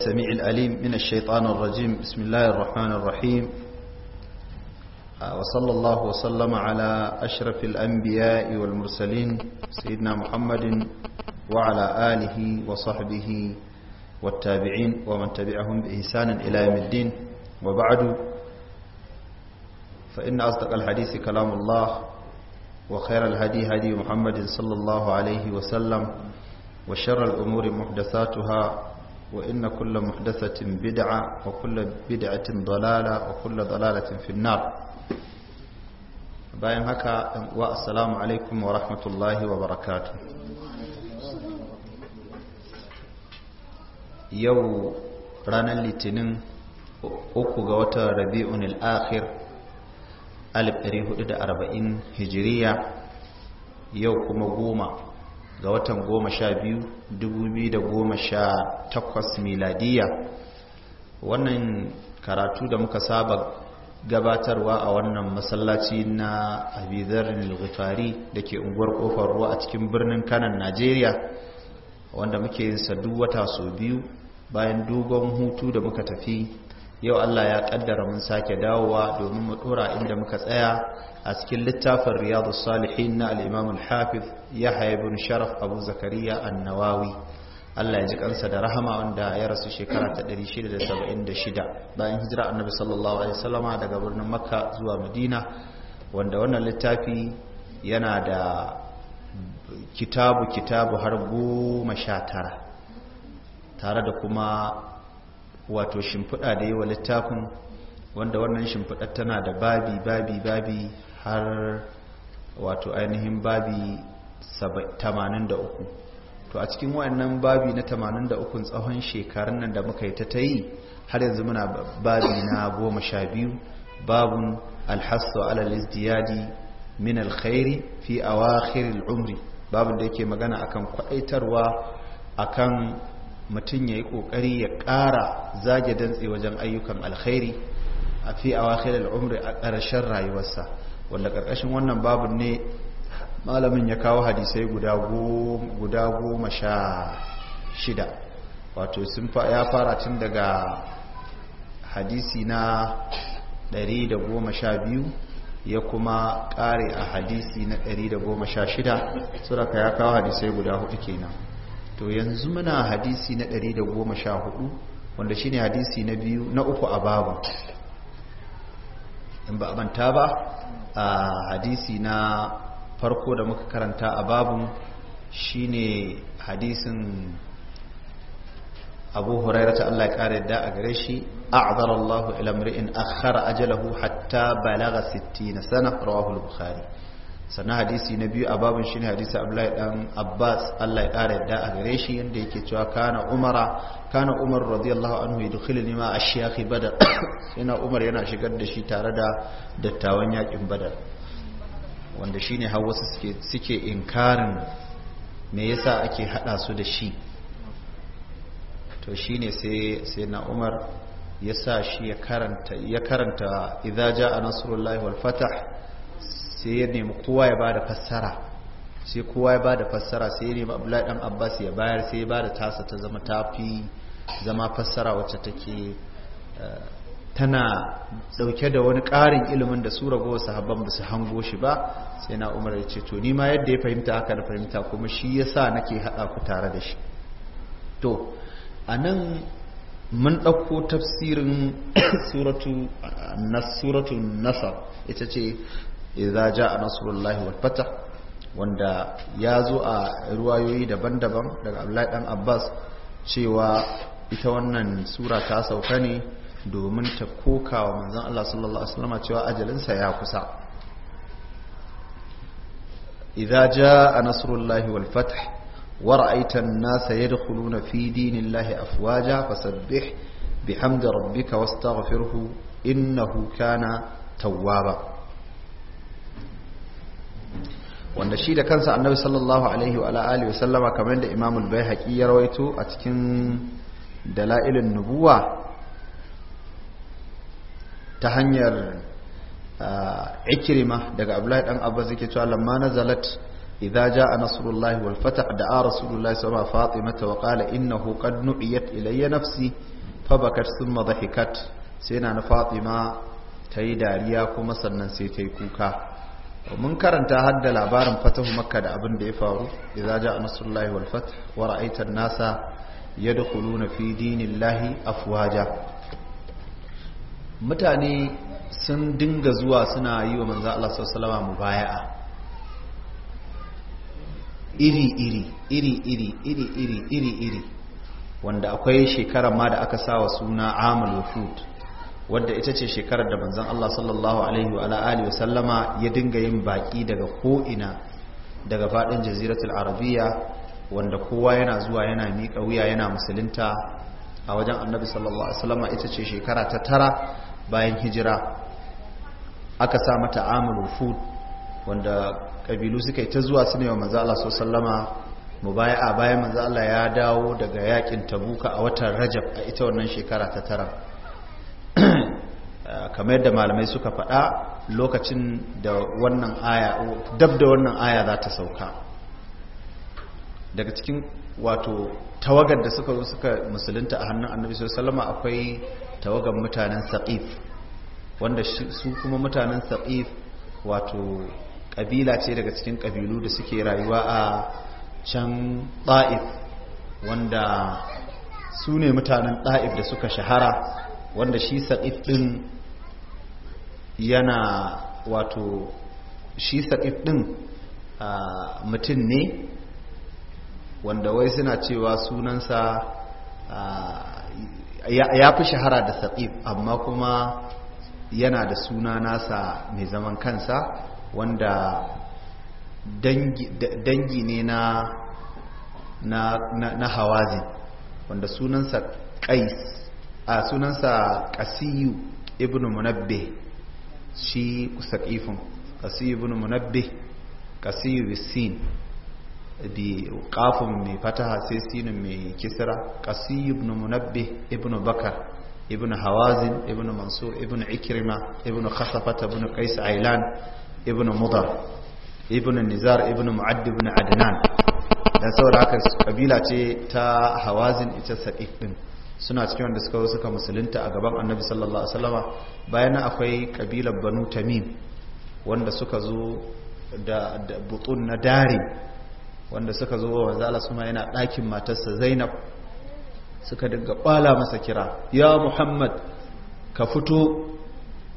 السميع الأليم من الشيطان الرجيم بسم الله الرحمن الرحيم آه، وصلى الله وسلم على أشرف الأنبياء والمرسلين سيدنا محمد وعلى آله وصحبه والتابعين ومن تبعهم بإحسان إلى يوم الدين وبعد فإن أصدق الحديث كلام الله وخير الهدي هدي محمد صلى الله عليه وسلم وشر الأمور محدثاتها وإن كل محدثة بدعة وكل بدعة ضلالة وكل ضلالة في النار باين هكا والسلام عليكم ورحمة الله وبركاته يو رانا litinin uku ga watan rabi'un al-akhir 1440 hijiriya yau kuma goma ga watan goma sha biyu dubu goma sha takwas miladiya wannan karatu da muka saba gabatarwa a wannan masallaci na abizarin lufari da ke unguwar kofar ruwa a cikin birnin kanan najeriya wanda muke yin duk wata sau biyu bayan dogon hutu da muka tafi yau Allah ya kaddara mun sake dawowa domin mu dora inda muka tsaya a cikin littafin Riyadhus Salihin na al-Imam al-Hafiz Yahya ibn Sharaf Abu Zakariya An-Nawawi Allah ya ji kansa da rahama wanda ya rasu shekara ta 676 bayan hijira Annabi sallallahu alaihi wasallama daga birnin Makka zuwa Madina wanda wannan littafi yana da kitabu kitabu har goma sha tara tare da kuma wato shimfiɗa da wa littafin wanda wannan shimfiɗar tana da babi babi babi har wato ainihin babi 83 to a cikin wannan babi na 83 tsawon shekarun nan da muka yi ta ta yi har yanzu muna babi na sha biyu alhassu alal izdiyadi min alkhairi fi awakhir Umri babu da yake magana akan kwaitarwa akan mutum ya yi ƙoƙari ya ƙara zage dantse wajen ayyukan alkhairi a fi a wakilin al'umri a ƙarshen rayuwarsa wanda ƙarƙashin wannan babu ne malamin ya kawo hadisai guda goma sha shida wato ya fara tun daga hadisi na sha biyu, ya kuma ƙare a hadisi na da 116 suraka ya kawo hadisai guda hudu kenan to yanzu muna hadisi na 114 wanda shine hadisi na biyu na uku a babu in ba a manta ba a hadisi na farko da muka karanta a babu shine hadisin abu hurairu ta Allah ya kare da a gare shi a'zara Allah ila mri'in akhara ajalahu hatta balaga 60 sana rawahu al-bukhari sannan hadisi na biyu a babin shine hadisi Abdullahi dan Abbas Allah ya kare a gare shi yanda yake cewa kana Umara kana Umar radiyallahu anhu yadkhulu lima ashyakh Badar yana Umar yana shigar da shi tare da dattawan yakin Badar wanda shine har wasu suke inkarin me yasa ake haɗa su da shi to shine sai sai na Umar ya sa shi ya karanta idaja a idza jaa nasrullahi sai ya nemi kowa ya bada fassara sai kowa ya bada fassara sai ya nemi abdullahi dan abbas ya bayar sai ya bada tasa ta zama tafi zama fassara wacce take eh, tana dauke da wani karin ilimin da su ragowa sahabban ba su hango shi ba sai na umar ya ce to ni ma yadda ya fahimta haka na fahimta kuma shi ya sa nake haɗa ku tare da shi to a nan mun ɗauko tafsirin suratu nasar ita ce idza jaa nasrullahi wal fath wanda ya zo a ruwayoyi daban-daban daga Abdullahi dan Abbas cewa ita wannan sura ta sauka ne domin ta kokawa manzon Allah sallallahu alaihi wasallam cewa ajalinsa ya kusa idza jaa nasrullahi wal fath ورأيت الناس يدخلون في دين الله أفواجا فسبح بحمد ربك واستغفره إنه كان توابا wanda shi da kansa annabi sallallahu alaihi wa alihi wa sallama kamar da imam al-baihaqi ya rawaito a cikin Dala'ilin nubuwa ta hanyar ikrima daga abdullahi dan abbas yake cewa lamma nazalat idza jaa nasrullahi wal fath da'a rasulullahi sallallahu alaihi wa fatimata wa qala innahu qad nu'iyat ilayya nafsi fabakat thumma dhahikat sai na fatima tayi dariya kuma sannan sai tayi kuka mun karanta har da labarin fatahu makka da abin da ya faru idza ja nasrullahi wal fath wa ra'aita an-nasa yadkhuluna fi dinillahi afwaja mutane sun dinga zuwa suna yi wa manzo Allah sallallahu alaihi mubaya'a iri iri iri iri iri iri iri iri wanda akwai shekara ma da aka sawa suna amul wufud wadda ita ce shekarar da manzon Allah sallallahu alaihi wa alihi wa sallama ya dinga yin baƙi daga ko'ina daga fadin jaziratul arabiya wanda kowa yana zuwa yana miƙa wuya yana musulunta a wajen annabi sallallahu alaihi wa sallama ita ce shekara ta tara bayan hijira aka sa mata amul fud wanda ƙabilu suka yi ta zuwa su ne wa manzo Allah sallama bayan manzo Allah ya dawo daga yakin tabuka a watan rajab a ita wannan shekara ta tara Eh, kamar yadda malamai suka faɗa lokacin da wannan aya dab da wannan aya za ta sauka daga cikin wato tawagar da suka zo suka musulunta a hannun annabi sallama akwai tawagar mutanen saqif wanda su kuma mutanen saqif wato kabila ce daga cikin kabilu da suke rayuwa a can ta'if wanda su ne mutanen ta'if da suka shahara wanda shi sa'if din yana wato shi saƙi ɗin mutum ne wanda wai suna cewa sunansa ya fi shahara da saƙi amma kuma yana da suna nasa mai zaman kansa wanda dangi ne na na, hawazi wanda sunansa ƙais a sunansa ƙasiyu ibn munabbe shi saqifun qasiy bin munabbih qasiy bisin bi kafin mai fataha sai sinin mai kisira qasiy bin munabbih ibn bakar ibn hawazin ibn mansur ibn ikrima ibn khasafata ibn qais ailan ibn mudar ibn nizar ibn mu'add ibn adnan dan saboda haka kabila ce ta hawazin ita saqif suna cikin wanda suka suka musulunta a gaban annabi sallallahu alaihi wasallama bayan akwai kabilar banu tamim wanda suka zo da butun na dari wanda suka zo wa manzo Allah suma yana ɗakin matarsa Zainab suka dinga ɓala masa kira ya Muhammad ka fito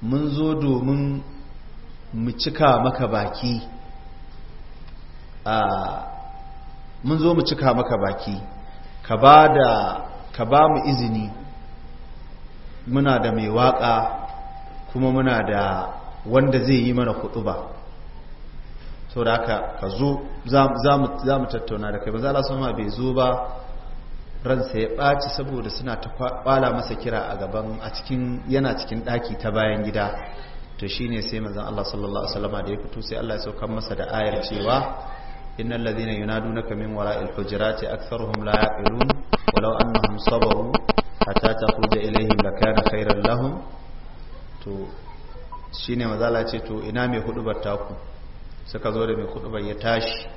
mun zo domin mu cika maka baki ah, mun zo mu cika maka baki ka ba da ka ba mu izini muna da mai waƙa kuma muna da wanda zai yi mana kuɗu ba so da aka ka zo za mu tattauna da kai ba za ma bai zo ba ransa ya ɓaci saboda suna ta ƙwala masa kira a gaban a cikin yana cikin ɗaki ta bayan gida to shine sai mazan Allah sallallahu alaihi da ya fito sai Allah ya saukar masa da ayar cewa إن الذين ينادونك من وراء الحجرات أكثرهم لا يعقلون ولو أنهم صبروا حتى تخرج إليهم لكان خيرا لهم to shine mazala ce to ina mai hudubar taku suka zo da mai hudubar ya tashi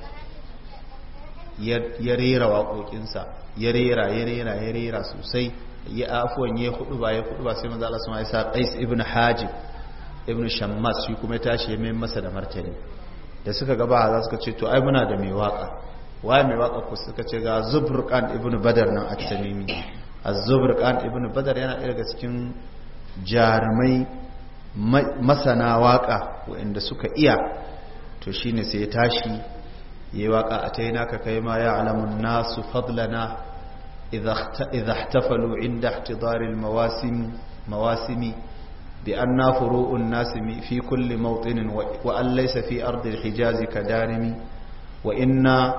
ya rera waƙoƙinsa ya rera ya rera ya rera sosai ya afuwan ya huduba ya huduba sai mazala sun haisa qais ibn hajib ibn shammas shi kuma ya tashi ya mai masa da martani da suka gaba za suka ce to ai muna da mai waka waye mai waka ku suka ce ga zubrqan ibn badar nan a tamimi azubrukan zubrqan ibn badar yana daga cikin jarumai masana waka wanda suka iya to shine sai ya tashi yayi waka taina ka kai ma ya alamun nasu fadlana idha ihtafalu inda ihtidar al-mawasim mawasimi بأن فروء الناس في كل موطن وأن ليس في أرض الحجاز كدارم وإنا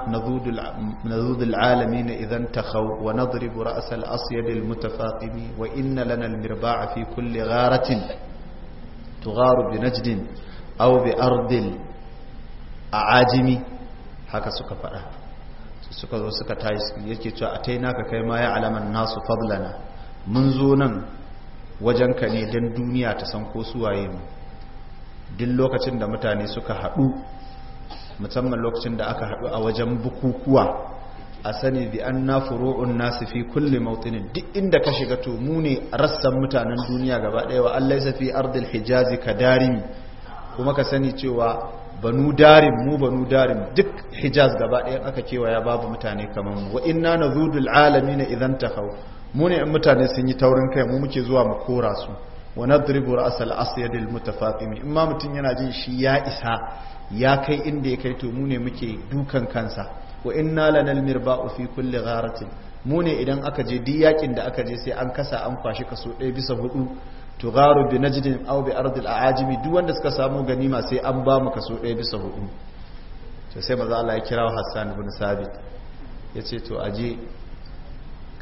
نذود العالمين إذا انتخوا ونضرب رأس الأصيد المتفاقم وإن لنا المرباع في كل غارة تغار بنجد أو بأرض الأعاجم هكا سكفرها suka zo suka tashi yake cewa atainaka kai ma ya wajenka ne don duniya ta san ko suwaye mu duk lokacin da mutane suka haɗu musamman lokacin da aka haɗu a wajen bukukuwa a sani bi an na furu'un nasu fi kulle mautinin duk inda ka shiga to mu ne rassan mutanen duniya gaba ɗaya wa allai safi ardil hijazi ka darimi kuma ka sani cewa banu darin mu banu darin duk hijaz gaba ɗaya aka kewaya babu mutane kamar mu wa inna nazudul alamin idan tahaw mu ne mutane sun yi taurin kai mu muke zuwa mu kora su wa nadribu ra'sal asyadil mutafaqimi in ma mutun yana jin shi ya isa ya kai inda ya kai to mu ne muke dukan kansa wa inna lanal mirba'u fi kulli gharatin mu ne idan aka je diyakin da aka je sai an kasa an kwashi kaso ɗaya bisa hudu tugharu bi najdin aw bi ardil aajimi duk wanda suka samu ganima sai an ba mu kaso ɗaya bisa hudu to sai maza Allah ya kira Hassan ibn Sabit yace to aje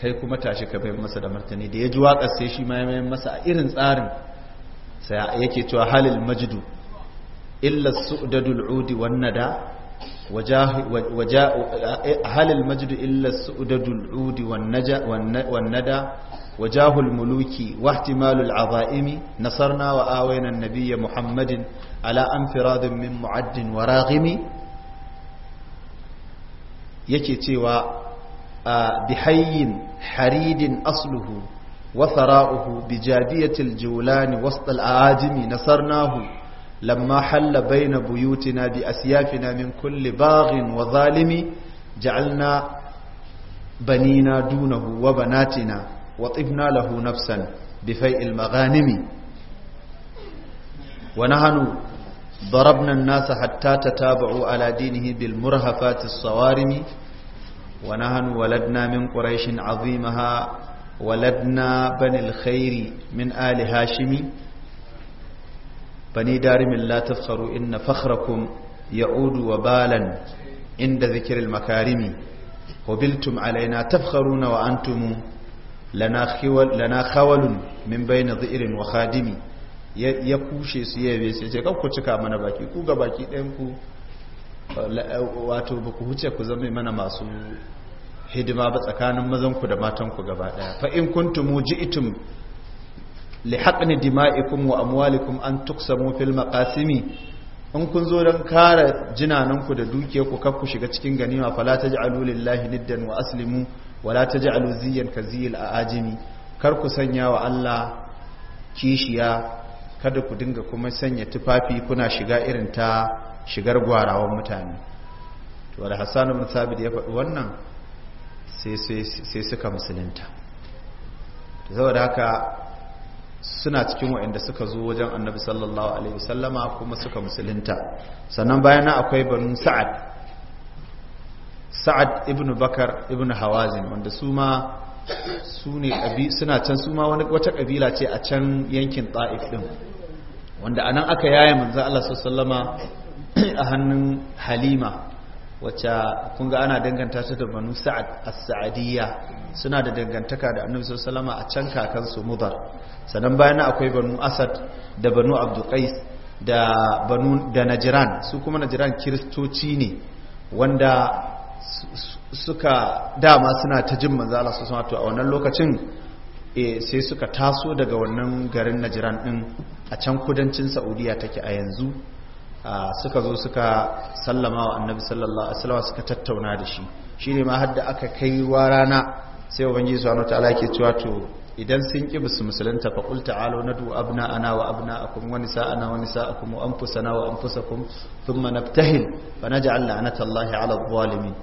kai kuma tashi ka bai masa da martani da ya ji waƙar sai shi ma ya mai masa a irin tsarin sai yake cewa halil majdu illa su'dadul udi wan nada وجاه وجاء هل المجد إلا السؤدد العود والندى وجاه الملوك واحتمال العظائم نصرنا وآوينا النبي محمد على أنفراد من معد وراغم yake cewa بحي حريد اصله وثراؤه بجاديه الجولان وسط الاعاجم نصرناه لما حل بين بيوتنا بأسيافنا من كل باغ وظالم جعلنا بنينا دونه وبناتنا وطبنا له نفسا بفيء المغانم ونحن ضربنا الناس حتى تتابعوا على دينه بالمرهفات الصوارم ونحن ولدنا من قريش عظيمها ولدنا بني الخير من آل هاشم bani darimin la tafkharu inna fakhrakum ya'udu wa balan inda zikirin makarimi hubiltum alaina tafkharuna wa antumu lana khawal lana khawalun min bayna wa khadimi ya kushe su yabe sai ce kanku cika mana baki ku ga baki ɗayan ku wato ba ku huce ku zama mana masu hidima ba tsakanin mazanku da matanku gaba ɗaya fa in ji muji'tum li haqni dima'ikum wa amwalikum an tuksamu fil maqasimi in kun zo don kare jinananku da dukiyarku kar ku shiga cikin ganima fala taj'alu lillahi niddan wa aslimu wala taj'alu ziyyan kaziyil aajimi kar ku sanya wa Allah kishiya kada ku dinga kuma sanya tufafi kuna shiga irin ta shigar gwarawan mutane to da Hassan ibn Sabit ya faɗi wannan sai sai sai suka musulunta saboda haka suna cikin waɗanda suka zo wajen annabi sallallahu alaihi wasallama kuma suka musulunta sannan bayan na akwai banu sa'ad sa'ad ibnu bakar ibnu hawazin wanda su ma su ne suna can su ma wata kabila ce a can yankin ta'if din wanda anan aka yaye manzo Allah sallallahu alaihi wasallama a hannun halima wacce kun ga ana danganta ta da banu sa'ad as-sa'adiyya suna da dangantaka da annabi sallallahu alaihi a can su mudar sannan bayan akwai banu asad da banu qais da banu da najran su kuma najran kiristoci ne wanda suka dama suna ta jin manzo Allah sallallahu alaihi a wannan lokacin eh, sai suka taso daga wannan garin najran din a can kudancin saudiya take a yanzu suka zo suka sallama wa annabi sallallahu alaihi wasallam suka tattauna da shi shine ma hadda aka kai wa rana sai ubangiji subhanahu wataala ke cewa to idan sun ki bisu musulunta fa qul ta'alu nadu abna ana wa abna akum wa nisa'ana wa nisa'akum wa anfusana wa anfusakum thumma nabtahil fa naj'al la'natallahi 'ala adh-dhalimin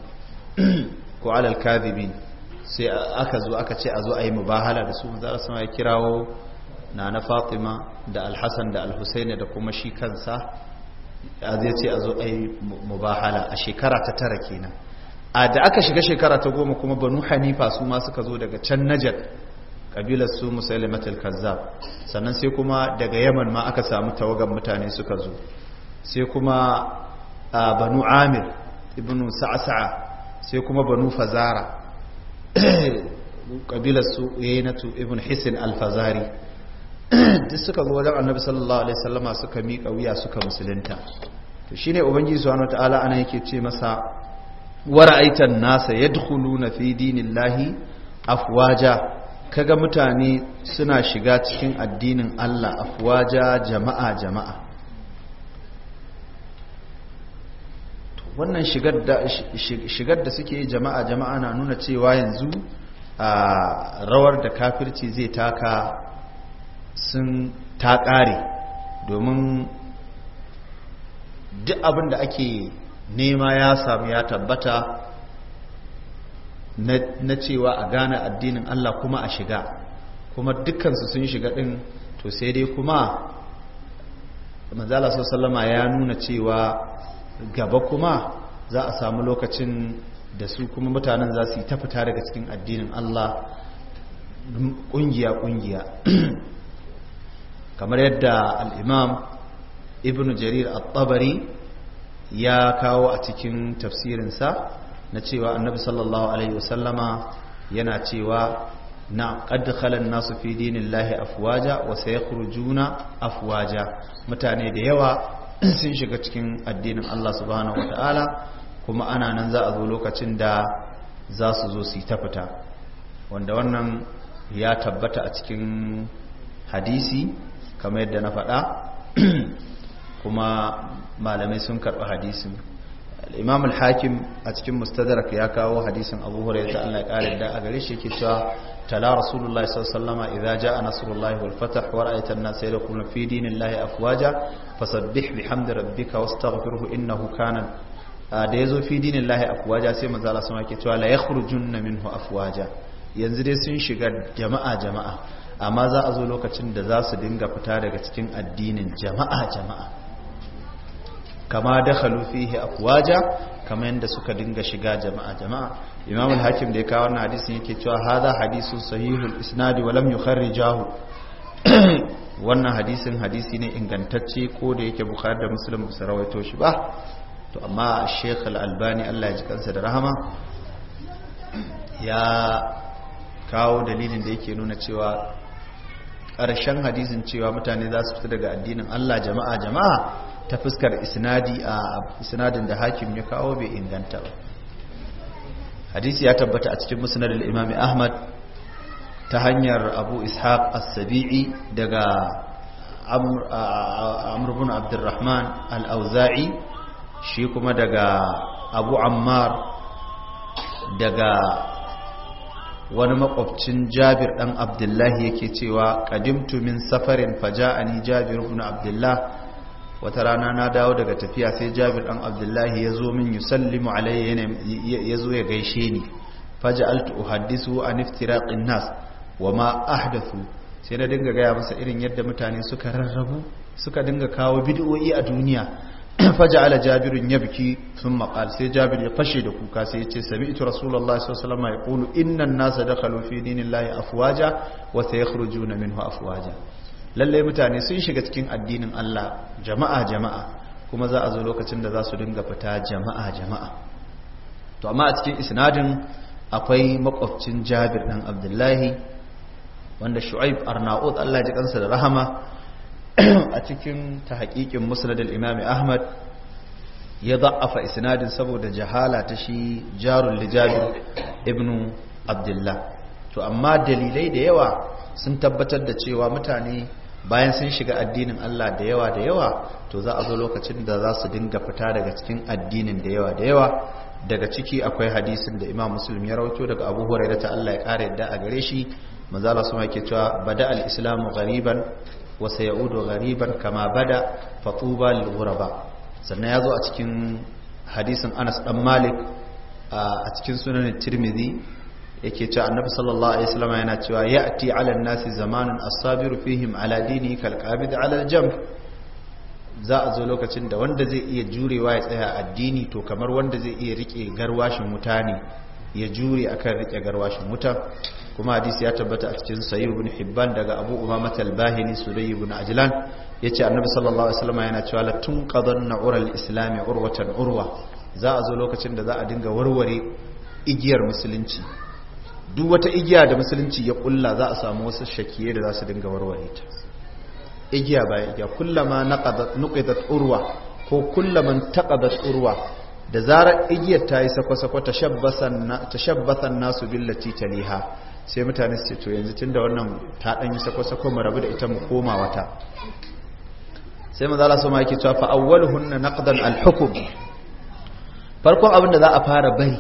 ko 'ala al-kadhibin sai aka zo aka ce a zo ayi mubahala da su manzo sama ya kirawo na na Fatima da Al-Hasan da Al-Husayn da kuma shi kansa zai ce a zo a yi mubahala a shekara ta tara kenan a da aka shiga shekara ta goma kuma banu hanifa su ma suka zo daga can najar kabilar su musulmat kazzab sannan sai kuma daga yaman ma aka samu tawagan mutane suka zo sai kuma banu amir ibn sa'sa'a sai kuma banu fazara kabilar su yayinatu ibn hisin al-fazari duk suka zo wajen annabi sallallahu alaihi wasallama suka miƙa wuya suka musulunta to shine ubangiji subhanahu wataala ana yake ce masa wara'aitan nasa yadkhuluna fi dinillahi afwaja kaga mutane suna shiga cikin addinin Allah afwaja jama'a jama'a wannan shigar da suke jama'a jama'a na nuna cewa yanzu a ah, rawar da kafirci zai taka sun ta ƙare domin duk abin da ake nema ya samu ya tabbata na cewa a gane addinin Allah kuma a shiga kuma dukkansu sun shiga ɗin to sai dai kuma manzala sallama ya nuna cewa gaba kuma za a samu lokacin da su kuma mutanen za su yi ta fita daga cikin addinin Allah ƙungiya-ƙungiya kamar yadda al'imam ibn jarir al-tabari ya kawo a cikin tafsirinsa na cewa annabi sallallahu alaihi wasallama yana cewa na qad nasu fi dinillahi afwaja wa kurjuna afwaja mutane da yawa sun shiga cikin addinin Allah subhanahu Ta'ala kuma ana nan za a zo lokacin da za su zo su yi ta wanda wannan ya tabbata a cikin hadisi kamar yadda na faɗa kuma malamai sun karɓi hadisin imam al-hakim a cikin mustadrak ya kawo hadisin abu hurairah Allah ya kare da a gare shi yake cewa tala rasulullahi sallallahu alaihi wasallam idza jaa nasrullahi wal fath wa ra'aita an-nas yadkhuluna fi dinillahi afwaja fasabbih bihamdi rabbika wastaghfirhu innahu kana da yazo fi dinillahi afwaja sai manzo Allah sama yake cewa la yakhrujunna minhu afwaja yanzu dai sun shiga jama'a jama'a amma za a zo lokacin da za su dinga fita daga cikin addinin jama'a jama'a kama da a kuwaja kama yadda suka dinga shiga jama'a jama'a Imamul hakim da ya kawo wannan hadisin yake cewa haza hadisun sahihul isnadi wa lam jahu wannan hadisin hadisi ne ingantacce ko da yake bukhari da muslim su rawaito shi ba to amma sheikh al-albani Allah ya ji kansa da rahama ya kawo dalilin da yake nuna cewa ƙarshen hadisin cewa mutane za su fita daga addinin Allah jama'a jama'a ta fuskar isnadi a isnadin da hakim ya kawo bai inganta ba hadisi ya tabbata a cikin musnad al-imam Ahmad ta hanyar Abu Ishaq as-Sabi'i daga Amr ibn Abdurrahman al-Auza'i shi kuma daga Abu Ammar daga wani makwabcin jabir ɗan abdullahi yake cewa kadimtu min safarin faja'ani jabir ibn abdullah wata rana na dawo daga tafiya sai jabir ɗan abdullahi ya zo min yusallimu alayya ya zo ya gaishe ni faja'altu uhaddisu an iftiraqin nas wa ma ahdathu sai na dinga gaya masa irin yadda mutane suka rarrabu suka dinga kawo bid'o'i a duniya faja'ala jabirun yabki sun qala sai jabir ya fashe da kuka sai ya ce sami'tu rasulullahi sallallahu alaihi wasallam yaqulu innan nasa dakhalu fi dinillahi afwaja wa sayakhrujuna minhu afwaja lalle mutane sun shiga cikin addinin Allah jama'a jama'a kuma za a zo lokacin da za su dinga fita jama'a jama'a to amma a cikin isnadin akwai makwabcin jabir dan abdullahi wanda shu'aib arnaud Allah ya ji kansa da rahama a cikin ta haƙiƙin al-imam ahmad ya za'afa isnadin saboda jahala ta shi jarun lijabi ibn abdullah to amma dalilai da yawa sun tabbatar da cewa mutane bayan sun shiga addinin Allah da yawa da yawa to za a zo lokacin da za su dinga fita daga cikin addinin da yawa da yawa daga ciki akwai hadisin da imam musulmi ya rauto daga abu hurairata ta Allah ya kare yadda a gare shi manzo Allah ma ke cewa bada al-islamu ghariban wa udo gariban kama bada fatuba lil sannan sannan zo a cikin hadisin Anas dan Malik a cikin sunan Tirmidhi yake cewa Annabi sallallahu alaihi wasallam yana cewa ati 'ala nasi zamanun as-sabiru fihim 'ala dini kal qabid 'ala al za a zo lokacin da wanda zai iya jurewa ya tsaya addini to kamar wanda zai iya rike garwashin wuta ne ya jure akan rike garwashin wuta kuma hadisi ya tabbata a cikin sahih ibn hibban daga abu umama talbahini bahili sudai ibn ajlan yace annabi sallallahu alaihi wasallam yana cewa la tunqadanna ural islami urwatan urwa za a zo lokacin da za a dinga warware igiyar musulunci duk wata igiya da musulunci ya kulla za a samu wasu shakiye da za su dinga warware ta igiya bayan igiya kullama nuqidat urwa ko kullaman taqadat urwa da zarar igiyar ta yi sakwa-sakwa ta shabbasan nasu billati taliha sai mutane su ce to yanzu tun da wannan ta dan yi sako-sako mu rabu da ita mu koma wata sai maza Allah ma yake cewa fa hunna naqdan al farkon abin da za a fara bari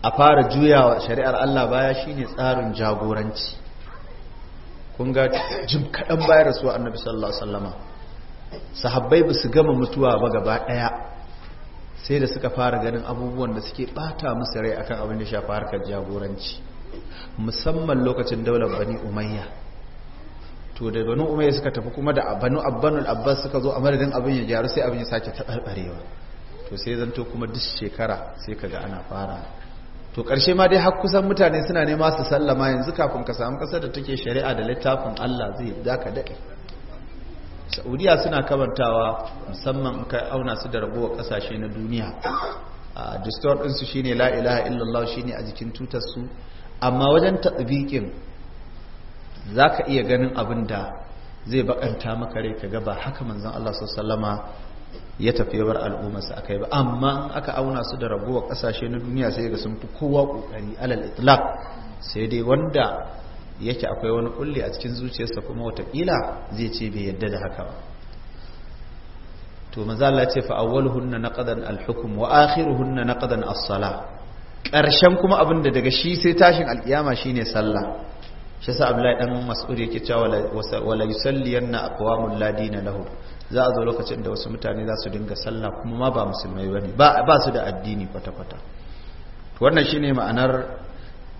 a fara juyawa shari'ar Allah baya shine tsarin jagoranci kun ga jim kadan bayar rasuwa annabi sallallahu alaihi wasallama sahabbai ba su gama mutuwa ba gaba ɗaya. sai da suka fara ganin abubuwan da suke bata musu rai akan abin da shafa harkar jagoranci musamman lokacin daular bani umayya to da bani umayya suka tafi kuma da banu abbanul abbas suka zo a madadin abin ya gyaru sai abin ya sake taɓarɓarewa to sai zanto kuma duk shekara sai kaga ana fara to ƙarshe ma dai har kusan mutane suna nema su sallama yanzu kafin ka samu kasar da take shari'a da littafin allah zai zaka daɗe saudiya suna kamantawa musamman kai auna su da ragowar kasashe na duniya a distort ɗinsu shine la ilaha illallah shine a jikin tutarsu amma wajen taɗibiƙin za ka iya ganin abin da zai bakanta maka rai ka ba haka manzan Allah sallama ya tafi bar al'ummarsa akai ba amma aka auna su da ragowar ƙasashe na duniya sai ga sun fi kowa kokari alal itlaq sai dai wanda yake akwai wani kulli a cikin zuciyarsa kuma watakila zai ce bai yadda da haka ba to maza Allah ce fa awwaluhunna naqadan al-hukm wa akhiruhunna naqadan as-salah karshen kuma abin da daga shi sai tashin alkiyama shine sallah shi yasa Abdullahi dan Mas'ud yake cewa wala yanna aqwamul ladina lahu za a zo lokacin da wasu mutane za su dinga sallah kuma ma ba musulmai bane ba ba su da addini kwata kwata wannan shine ma'anar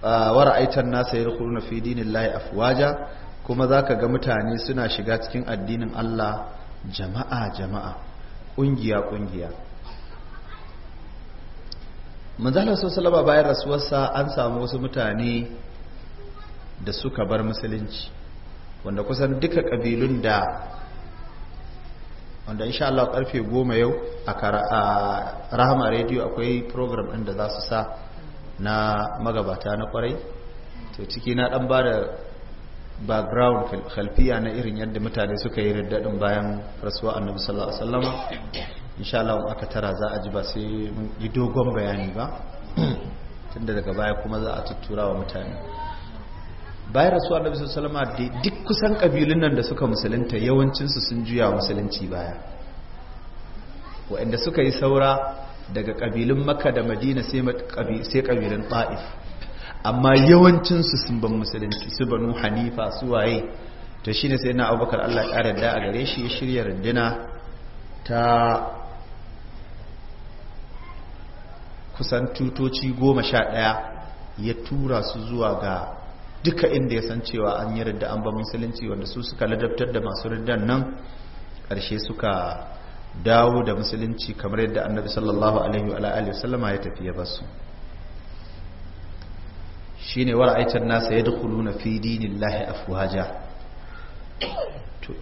wa ra'aitan nasa na fidinin dinillahi afuwaja kuma za ka ga mutane suna shiga cikin addinin Allah jama'a jama'a ƙungiya kungiya kungiya manzalar sosalaba bayan rasuwarsa an samu wasu mutane da suka bar musulunci wanda kusan duka ƙabilun da wanda insha Allah karfe goma yau a rahama rediyo akwai program ɗin da za su sa na magabata na kwarai to ciki na dan ba da background khalfiya na irin yadda mutane suka yi raddadin bayan rasuwa annabi sallallahu alaihi wasallama insha Allah aka tara za a ji ba sai mun yi dogon bayani ba tunda daga baya kuma za a tuttura wa mutane bayan rasuwa annabi sallallahu alaihi wasallama duk kusan kabilun nan da suka musulunta yawancin su sun juya musulunci baya waɗanda suka yi saura daga kabilun maka da madina sai ƙabilun ta'if amma yawancinsu sun ban musulunci su banu hanifa su waye to shi ne sai na abubakar allah ƙara da a gare shi ya shirya rundina ta kusan tutoci goma sha ɗaya ya tura su zuwa ga duka inda ya san cewa an yi ridda an ba musulunci wanda su suka ladabtar da masu riddan nan ƙarshe suka dawo da musulunci kamar yadda annabi sallallahu alaihi wa alihi wasallama ya tafi ya basu shine wa ra'aitan nasa yadkhuluna fi dinillahi afwaja to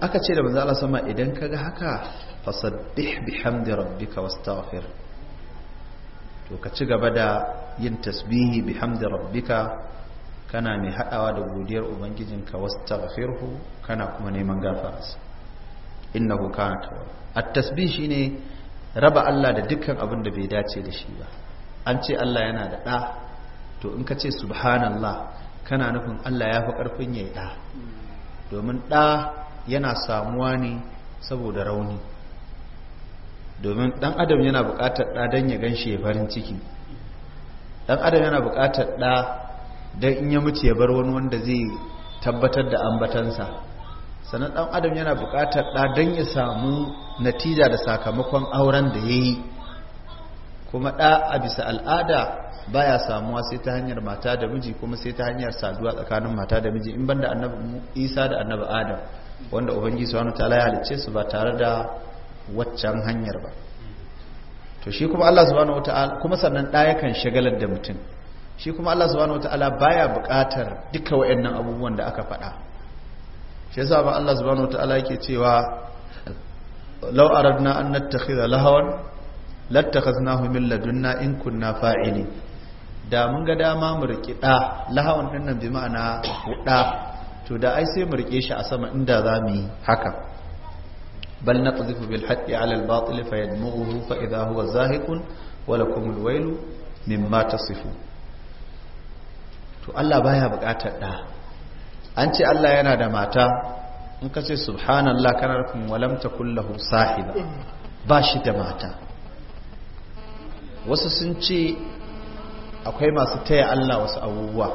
aka ce da manzo Allah sama idan kaga haka fasabbih bihamdi rabbika wastaghfir to ka ci gaba da yin tasbihi bihamdi rabbika kana mai hadawa da godiyar ubangijinka wastaghfirhu kana kuma neman gafararsa innahu kana tawwab at-tasbih shine raba Allah da dukkan abin da bai dace da shi ba an ce Allah yana da ɗa to in ka ce subhanallah kana nufin Allah ya fi ƙarfin yayi da domin ɗa yana samuwa ne saboda rauni domin ɗan adam yana buƙatar ɗa don ya ganshi ya farin ciki ɗan adam yana buƙatar ɗa don in ya mutu ya bar wani wanda zai tabbatar da ambatansa sannan ɗan adam yana buƙatar da don ya samu natija da sakamakon auren da ya yi kuma ɗa a bisa al'ada baya samuwa sai ta hanyar mata da miji kuma sai ta hanyar saduwa tsakanin mata da miji in banda annabi isa da annabi adam wanda ubangiji subhanahu wataala ya halicce su ba tare da waccan hanyar ba to shi kuma Allah subhanahu wataala kuma sannan da yakan shagalar da mutum shi kuma Allah subhanahu wataala baya buƙatar duka wayannan abubuwan da aka faɗa shi yasa ba Allah subhanahu wataala yake cewa law aradna an nattakhidha lahawan lattakhadnahu min ladunna in kunna fa'ili da mun ga dama mu riki da lahawan din nan bi ma'ana da to da ai sai mu rike shi a sama inda mu yi haka bal naqdhifu bil haqqi 'ala al batil fayadmughuhu fa idha huwa zahiqun wa lakum al waylu mimma tasifun to Allah baya buƙatar da an ce Allah yana da mata in ka ce subhanallah kana rufin walamta kullahu sahiba ba shi da mata wasu sun ce akwai masu taya Allah wasu abubuwa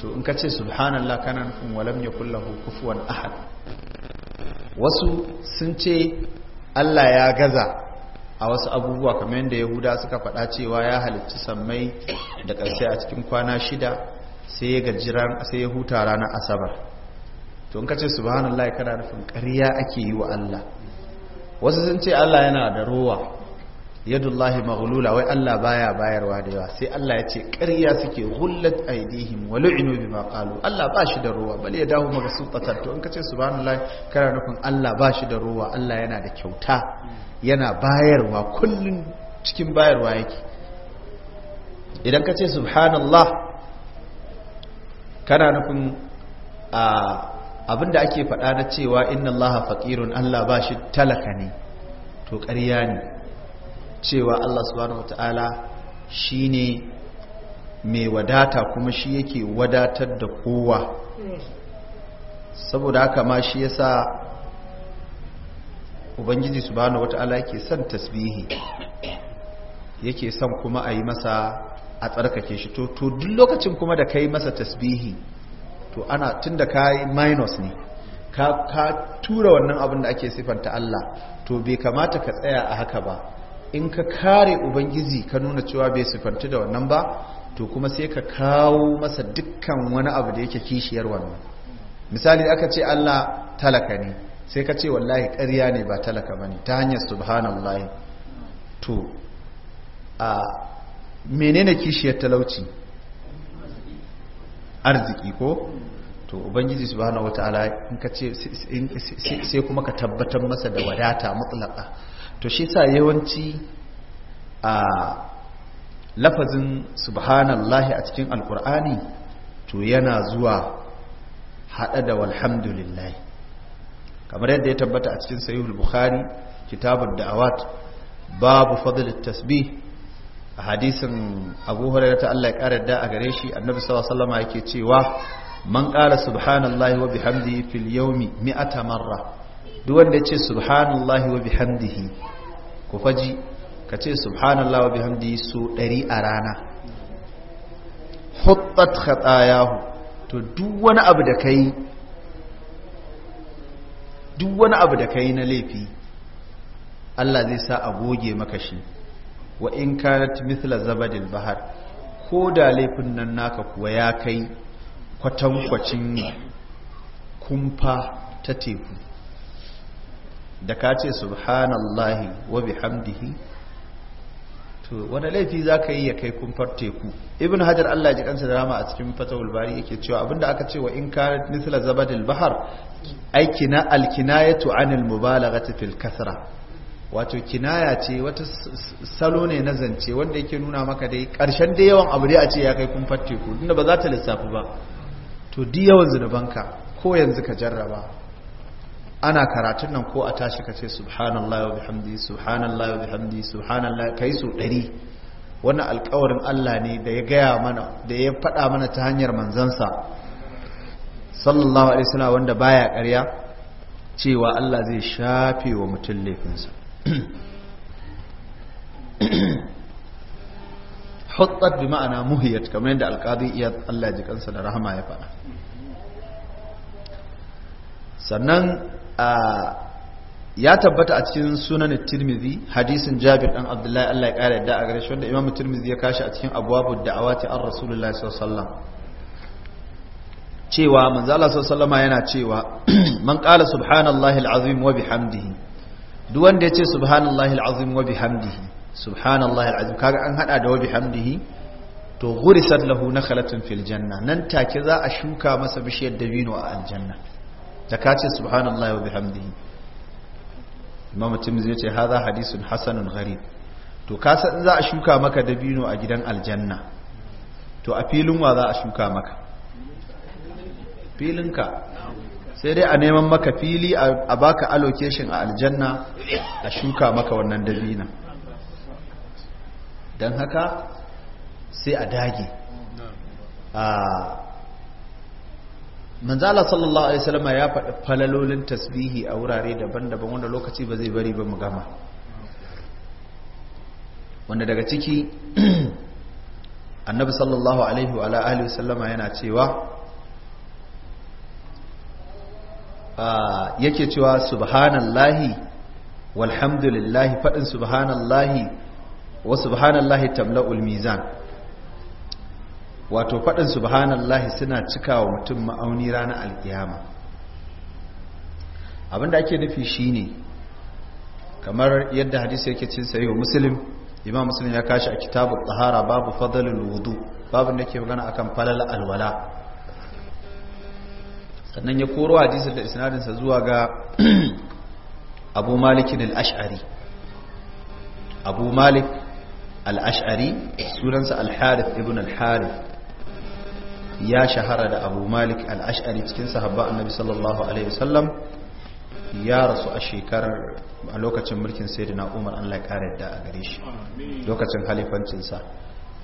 to in ka ce subhanallah kana nufin walam ya kullahu kufuwan ahad wasu sun ce Allah ya gaza a wasu abubuwa kamar yadda yahuda suka faɗa cewa ya halicci sammai da ƙarshe a cikin kwana shida sai ya gajira sai ya huta ranar asabar to in ka ce subhanallahi kana nufin ƙarya ake yi wa Allah wasu sun ce Allah yana da ruwa yadullahi maghlula wai Allah baya bayarwa da yawa sai Allah ya ce ƙarya suke hullat aidihim wa lu'inu bima qalu Allah ba shi da ruwa bal ya dawo maka sultatar to in kace subhanallahi kana nufin Allah ba shi da ruwa Allah yana da kyauta yana bayarwa kullun cikin bayarwa yake idan kace subhanallah kana nufin abinda ake faɗa na cewa inna allaha faqirun allah ba shi talaka ne to ƙarya ne cewa allah subhanahu wataala shine mai wadata kuma shi yake wadatar da kowa saboda haka ma shi yasa ubangiji subhanahu wataala yake son tasbihi yake son kuma a yi masa a tsarkake shi to to duk lokacin kuma da kai masa tasbihi to ana tunda kai minus ne ka ka tura wannan abin da ake sifanta Allah to bai kamata ka tsaya a haka ba in ka kare ubangiji ka nuna cewa bai sifanta da wannan ba to kuma sai ka kawo masa dukkan wani abu da yake kishiyar wannan misali aka ce Allah talaka ne sai ka ce wallahi ƙarya ne ba talaka bane ta hanyar subhanallahi to a menene kishiyar talauci arziki ko to ubangiji subhanahu wataala in ka ce sai kuma ka tabbatar masa da wadata mutlaka to shi sa yawanci a lafazin subhanallahi a cikin alkur'ani to yana zuwa hada da walhamdulillah kamar yadda ya tabbata a cikin Sayyidul bukhari kitabud da'awat babu fadl tasbih a hadisin abu hurairah ta Allah ya kara da a gare shi annabi sallallahu alaihi wasallam yake cewa man qala subhanallahi wa bihamdihi fil yawmi mi'ata marra duk wanda yace subhanallahi wa bihamdihi ku faji kace subhanallahi wa bihamdihi su 100 a rana huttat khatayahu to duk wani abu da kai duk wani abu da kai na laifi Allah zai sa a goge maka shi wa in kanat mithla zabadil bahar ko da laifin nan naka kuwa ya kai kwatankwacin kumfa ta teku da ka ce subhanallahi wa bihamdihi to wani laifi za ka yi ya kai kumfar teku ibn hajar allah ji kansa rama a cikin fata bari yake cewa abinda aka ce wa in ka misla zabadil bahar aikina alkinayatu anil mubalaghati fil kasra wato kinaya ce wata salo ne na zance wanda yake nuna maka dai karshen da yawan abu dai a ce ya kai kun fatte ku tunda ba za ta lissafi ba to di yawan zunubanka ko yanzu ka jarraba ana karatun nan ko a tashi ka ce subhanallah wa bihamdi subhanallah wa bihamdi subhanallah kai su ɗari wannan alkawarin Allah ne da ya gaya mana da ya faɗa mana ta hanyar manzansa sallallahu alaihi wasallam wanda baya ƙarya cewa Allah zai shafe wa mutum laifinsa huttat bi ma'ana muhiyat kamar yadda alqadi iya Allah ji kansa da rahama ya faɗa sannan ya tabbata a cikin sunan tirmidhi hadisin jabir dan abdullahi Allah ya kare yadda a gare shi wanda imam tirmidhi ya kashi a cikin abwabu da'awati ar rasulullahi sallallahu alaihi wasallam cewa manzo Allah sallallahu alaihi wasallam yana cewa man qala subhanallahi alazim wa bihamdihi duk wanda ya ce subhanallahi alazim wa bihamdihi subhanallahi alazim kaga an hada da wa bihamdihi to ghurisat lahu nakhlatun fil janna nan take za a shuka masa bishiyar dabino a aljanna da ka ce subhanallahi wa bihamdihi imam zai ce hadha hadithun hasanun gharib to ka san za a shuka maka dabino a gidan aljanna to a filin wa za a shuka maka filinka sai dai a neman maka fili a baka allocation a aljanna a shuka maka wannan dabina don haka sai a dage manzala sallallahu alaihi salama ya faɗi falalolin tasbihi a wurare daban-daban wanda lokaci ba zai bari ba mu gama wanda daga ciki annabi sallallahu alaihi wa alihi yana cewa Ah, yake cewa subhanallahi walhamdulillahi faɗin subhanallahi wa subhanallahi tamla'ul mizan wato faɗin subhanallahi suna cika wa mutum ma'auni ranar alkiyama abinda ake nufi shine kamar yadda hadisi yake cin sayo muslim imam ya kashi a kitabu tsahara babu fadlul wudu babu da ke magana akan falala alwala sannan ya koro hadisin da isnadinsa zuwa ga abu malikin al'ashari abu malik al'ash'ari sunansa al harif ibn al harif ya shahara da abu malik al'ash'ari cikin sahabba annabi sallallahu alaihi wasallam ya rasu a shekarar a lokacin mulkin sayyidina umar na'umar ya da a gare shi lokacin halifancinsa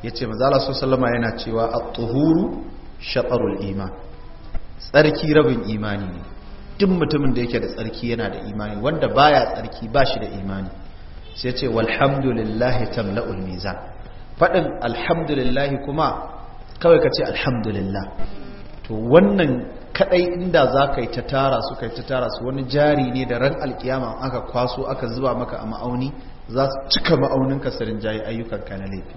ya ce mazala sun yana cewa a tuhuru shatarul iman tsarki rabin imani ne duk mutumin da yake da tsarki yana da imani wanda baya tsarki ba shi da imani sai ce walhamdulillahi tamla'ul mizan faɗin alhamdulillahi kuma kawai ka ce alhamdulillah to wannan kaɗai inda za ka yi ta tara su ka ta tara su wani jari ne da ran alkiyama aka kwaso aka zuba maka a ma'auni za su cika ma'aunin ka sarin jayi ayyukan ka na laifi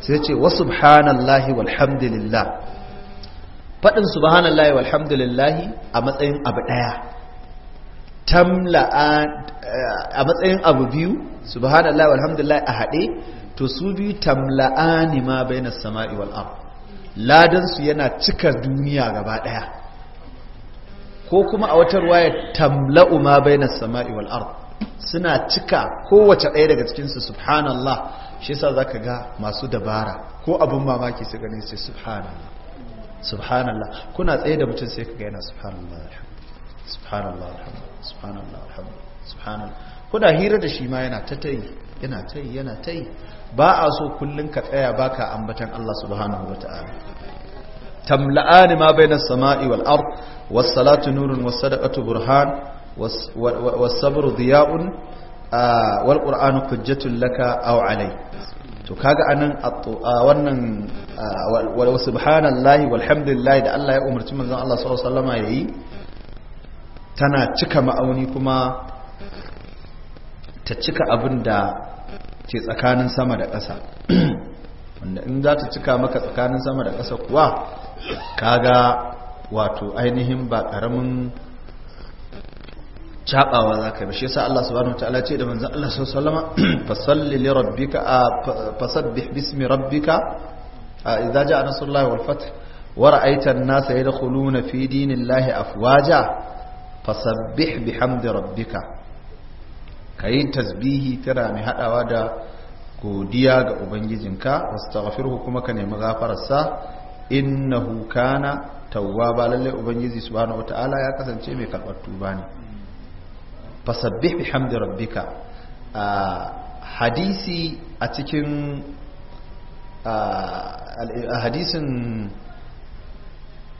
sai ce wa subhanallahi walhamdulillah faɗin subhanallahi walhamdulillahi a matsayin abu ɗaya Tamla a matsayin abu biyu subhanallahi walhamdulillahi a haɗe to su biyu tamla'ani ma bai na sama'i wal'am ard ladan su yana cika duniya gaba ɗaya ko kuma a wata ya tamla'u ma bai na sama'i wal'am suna cika kowace ɗaya daga cikinsu subhanallah shi sa za ka ga masu dabara ko abin mamaki su ganin sai subhanallah subhanallah kuna tsaye da mutum sai kaga yana subhanallah alhamdulillah subhanallah alhamdulillah subhanallah alhamdulillah subhanallah kuna hira da shi ma yana ta ta'i yana ta'i yana ta'i ba a so kullun ka tsaya baka ambatan Allah subhanahu wataala tamla'an ma baina as-sama'i wal ard was salatu nurun was sadaqatu burhan was sabru diya'un ah, wal to kaga anan wannan wa subhanallahi walhamdulillah da Allah ya umarci manzon Allah sallallahu alaihi wasallam yayi tana cika ma'auni kuma ta cika abin da ke tsakanin sama da ƙasa wanda in za ta cika maka tsakanin sama da ƙasa kuwa kaga wato ainihin ba ƙaramin cabawa za ka yi shi yasa Allah subhanahu wataala ce da manzon Allah sallallahu alaihi fasalli li rabbika fasabbih bismi rabbika idza jaa nasrullahi wal fath wa ra'aita an-nasa yadkhuluna fi dinillahi afwaja fasabbih bihamdi rabbika kayi tasbihi tana mai hadawa da godiya ga ubangijinka wastaghfirhu kuma ka nemi gafararsa innahu kana tawwaba lalle ubangiji subhanahu wataala ya kasance mai karbar tuba ne fasabbih bihamdi rabbika ah, hadisi a cikin ah, ah, hadisin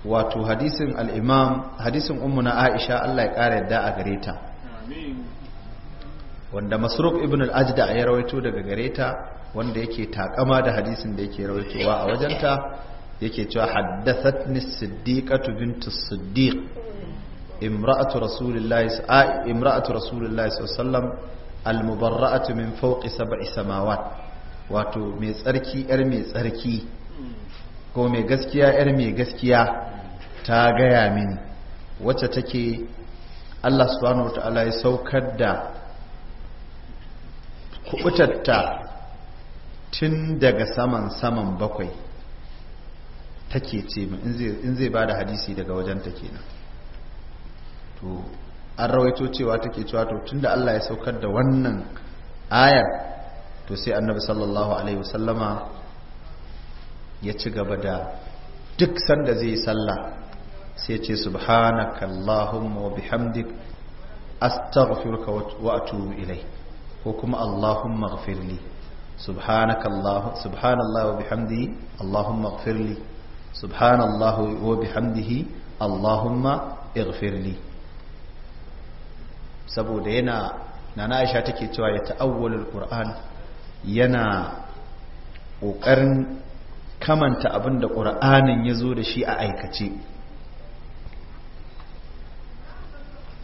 wato hadisin al'imam hadisin ummuna aisha Allah ya ƙara yadda a gare ta wanda masruf ibn al-ajda ya rawaito daga gare ta wanda yake takama da hadisin da yake rawaitowa a wajenta yake cewa haddathatni siddiqatu bintu siddiq imra'atu rasulillahi a imra'atu rasulillahi sallam. almubarra'atu min fawqi sab'i samawat wato mai tsarki yar mai tsarki ko mai gaskiya yar mai gaskiya ta gaya mini wacce take Allah subhanahu wata'ala ya saukar da kubutatta tun daga saman saman bakwai take ce in zai ba da hadisi daga wajen take nan to an rawaito cewa take cewa to tunda Allah ya saukar da wannan ayar to sai annabi sallallahu alaihi wasallama ya ci gaba da duk sanda zai yi sallah sai ce subhanaka allahumma wa bihamdik astaghfiruka wa atubu ilai ko kuma allahumma ighfirli subhanaka allah subhanallahi wa bihamdihi allahumma ighfirli subhanallahi wa bihamdihi allahumma ighfirli saboda yana na aisha take cewa ya ta'awwalul qur'an yana kokarin kamanta abin da qur'anin yazo da shi a aikace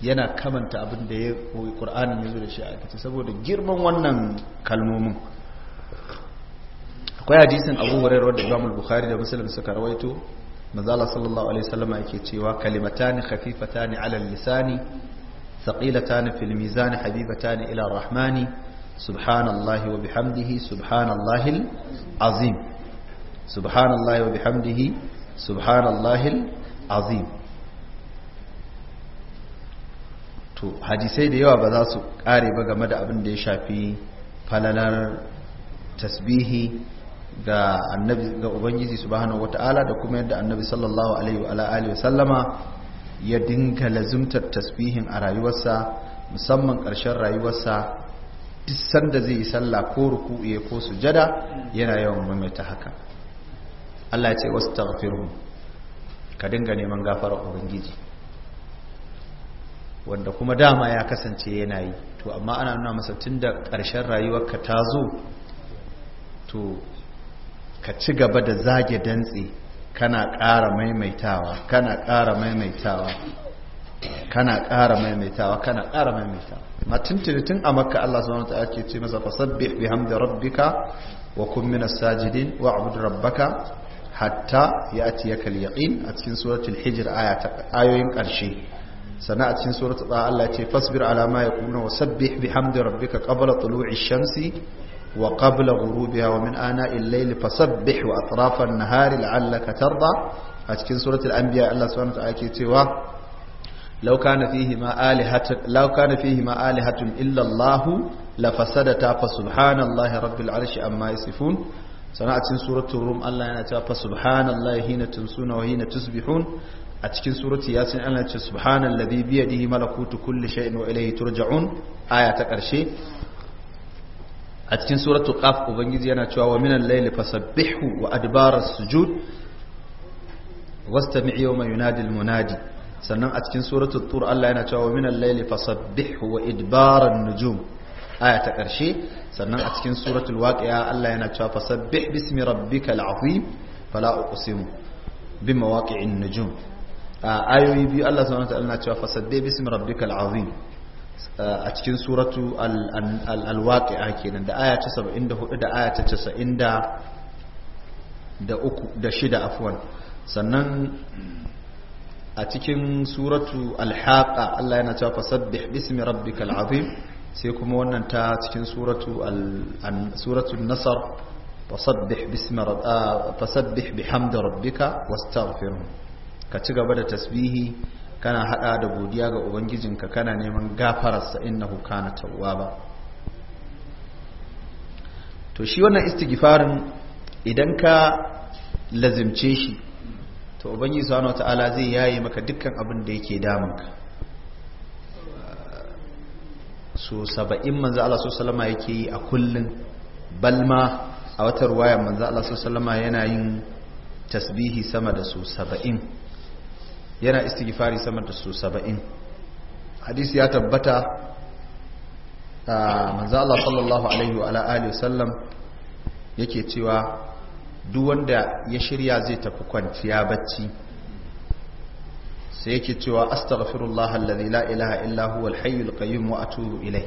yana kamanta abin da ya qur'anin yazo da shi a aikace saboda girman wannan kalmomin akwai hadisin Abu Hurairah da Imam Bukhari da Muslim suka rawaito manzo Allah sallallahu alaihi wasallam yake cewa kalimatani khafifatani ala lisani ثقيلتان في الميزان حبيبتان إلى الرحمن سبحان الله وبحمده سبحان الله العظيم سبحان الله وبحمده سبحان الله العظيم to hadisai da yawa ba za su kare ba game da abin da ya shafi falalar tasbihi ga annabi ga ubangiji subhanahu wataala da kuma yadda annabi sallallahu alaihi wa alihi wa sallama ya dinga lazimtar tasbihin a rayuwarsa musamman ƙarshen rayuwarsa duk sanda zai yi sallah ko ruku'e ko sujada yana yawan mamaita haka Allah ya ce wasu taghfiru ka dinga neman gafara ubangiji wanda kuma dama ya kasance yana yi to amma ana nuna masa tun da ƙarshen rayuwarka ta zo to ka ci gaba da zage dantse kana ƙara maimaitawa kana ƙara maimaitawa kana ƙara maimaitawa kana ƙara maimaitawa a makka Allah subhanahu wataala ke ce masa fasabbih bihamdi rabbika wa kun minas sajidin rabbaka hatta ya'tiyaka al-yaqin a cikin suratul hijr aya ta ayoyin ƙarshe sana a cikin suratul ta Allah ce fasbir ala ma yaquluna wa sabbih bihamdi rabbika qabla tulu'i shamsi وقبل غروبها ومن آناء الليل فسبح وأطراف النهار لعلك ترضى أتكين سورة الأنبياء الله سبحانه وتعالى كتوى لو كان فيهما آلهة لو كان فيهما آلهة إلا الله لفسدتا فسبحان الله رب العرش أما يصفون sana a cikin suratul rum Allah yana cewa fa subhanallahi hina tumsuna wa hina tusbihun a cikin suratul yasin Allah ya ce subhanalladhi bi yadihi malakutu kulli shay'in wa ilayhi turja'un aya ta karshe a cikin suratu qaf ubangiji yana cewa wa minal layli fasabbihu wa adbaras sujud wastami'i yawma yunadi munadi sannan a cikin suratu tur Allah yana cewa wa minal layli fasabbihu wa idbaran nujum aya ta karshe sannan a cikin suratul waqi'a Allah yana cewa fasabbih bismi rabbikal azim fala uqsimu bima nujum ayoyi biyu Allah subhanahu wa ta'ala yana cewa fasabbih bismi rabbikal azim a cikin suratu al-waqi'a kenan da aya ta 74 da aya ta 90 da uku da shida afwan sannan a cikin suratu al-haqa Allah yana cewa fasabbih bismi rabbikal azim sai kuma wannan ta cikin suratu suratu an-nasr fasabbih bismi fasabbih bihamdi rabbika wastaghfirhu ka ci gaba da tasbihi kana haɗa da godiya ga ubangijinka kana neman gafararsa innahu kana tawwaba to shi wannan istighfarin idan ka lazimce shi to ubangiji subhanahu ta'ala zai yaye maka dukkan abin da yake damunka so saba'in manzo Allah sallama yake yi a kullun balma a watar waya manzo Allah yana yin tasbihi sama da su saba'in yana istighfari sama da su saba'in hadisi ya tabbata a manzo Allah sallallahu alaihi wa ala alihi wasallam yake cewa duk wanda ya shirya zai tafi kwanciya bacci sai yake cewa astaghfirullah alladhi la ilaha illa huwa alhayyul qayyum wa atubu ilayh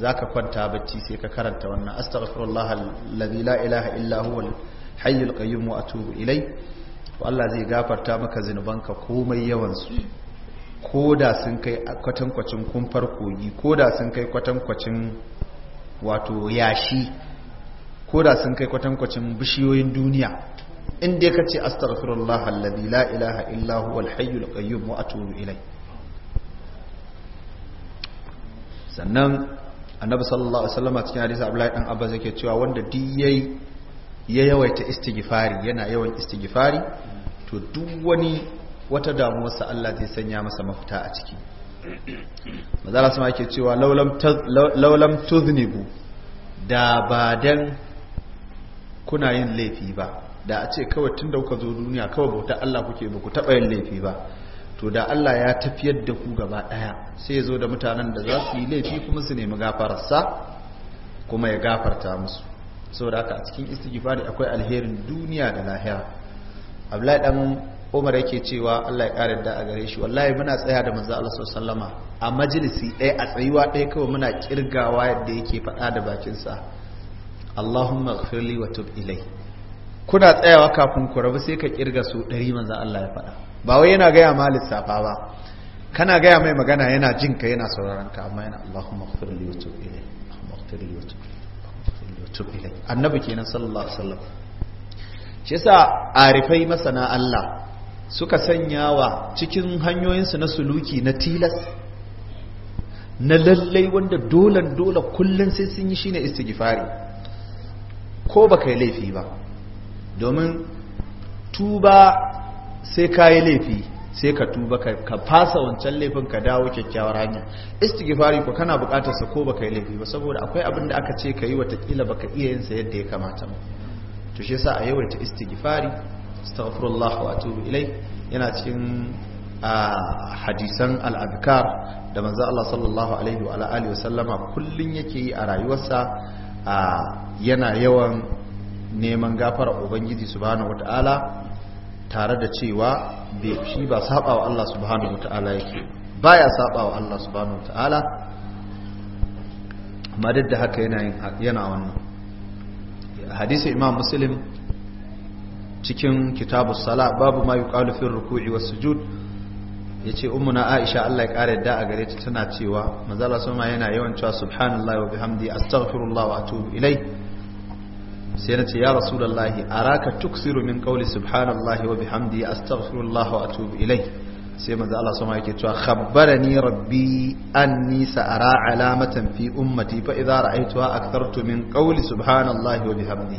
zaka kwanta bacci sai ka karanta wannan astaghfirullah alladhi la ilaha illa huwa alhayyul qayyum wa atubu ilayh to Allah zai gafarta maka zinubanka komai yawansu ko da sun kai kwatankwacin kumfar kogi ko da sun kai kwatankwacin wato yashi ko da sun kai kwatankwacin bishiyoyin duniya in dai ka ce astaghfirullah alladhi la ilaha illa huwa al-hayyul qayyum wa atubu ilai sannan annabi sallallahu alaihi wasallam cikin hadisi Abdullahi dan abba yake cewa wanda duk yayi ya yawaita istighfari yana yawan istighfari to duk wani wata damuwar sa Allah zai sanya masa mafita a ciki mazala sama yake cewa laulam tuznibu da ba dan kuna yin laifi ba da a ce kawai tun da kuka zo duniya kawai bauta Allah kuke ba ku taɓa yin laifi ba to da Allah ya tafiyar da ku gaba ɗaya sai ya zo da mutanen da za su yi laifi kuma su nemi gafararsa kuma ya gafarta musu saboda haka a cikin istighfari akwai alherin duniya da lahira abdullahi dan umar yake cewa Allah ya kare da a gare shi wallahi muna tsaya da manzo Allah wasallama a majalisi ɗaya a tsayuwa ɗaya kawai muna kirgawa yadda yake faɗa da bakinsa Allahumma ighfirli wa tub ilai kuna tsayawa kafin ku rabu sai ka kirga su ɗari manzo Allah ya faɗa ba wai yana gaya ma lissafa ba kana gaya mai magana yana jinka yana sauraron ka amma yana Allahumma ighfirli wa tub ilai Allahumma ighfirli wa tub tub ilai annabi kenan sallallahu alaihi wasallam shi yasa arifai masana Allah suka sanya wa cikin hanyoyinsu na suluki na tilas na lallai wanda dole dole kullun sai sun yi shine istighfari ko baka yi laifi ba domin tuba sai ka yi laifi sai ka tuba ka fasa wancan laifin ka dawo kyakkyawar hanya istighfari ko kana bukatar sa ko baka yi laifi ba saboda akwai abin da aka ce ka yi watakila baka iya yin sa yadda ya kamata ba to shi yasa a yawaita istighfari astaghfirullah wa atubu ilai yana cikin hadisan al da manzo Allah sallallahu alaihi wa alihi wa sallama kullun yake yi a rayuwarsa yana yawan neman gafara ubangiji subhanahu wataala tare da cewa shi ba saba wa Allah subhanahu wa ta'ala yake ya saba wa Allah subhanahu wa ta'ala madad da haka yana wannan hadisi imam muslim cikin kitabu sala babu ma yuqalu fi ruku'i was sujud yace ummuna aisha Allah ya kare da a gare ta tana cewa manzo Allah yana yawan cewa subhanallahi wa bihamdi astaghfirullah wa atubu ilayhi sai na ce ya rasulullahi araka tuksiru min qawli subhanallahi wa bihamdi astaghfirullah wa atubu ilai sai manzo Allah sama yake cewa khabbarani rabbi anni sa'ara alamatan fi ummati fa idza ra'aytuha aktartu min qawli subhanallahi wa bihamdi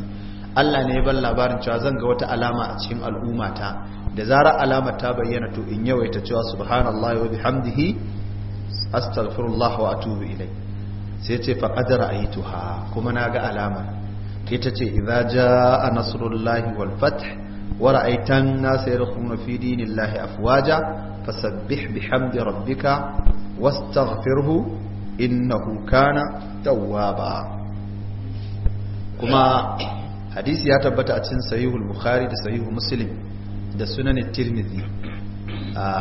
Allah ne ya ban labarin cewa zan ga wata alama a cikin al'ummata da zarar alama ta bayyana to in yawaita cewa subhanallahi wa bihamdihi astaghfirullah wa atubu ilai sai ce fa qad ra'aytuha kuma na ga alama. ita ce idza jaa nasrullahi wal fath wa ra'aitan nasa yarkhuna fi dinillahi afwaja fasabbih bihamdi rabbika wastaghfirhu innahu kana tawwaba kuma hadisi ya tabbata a cikin sahihul bukhari da sahihul muslim da sunan tirmidhi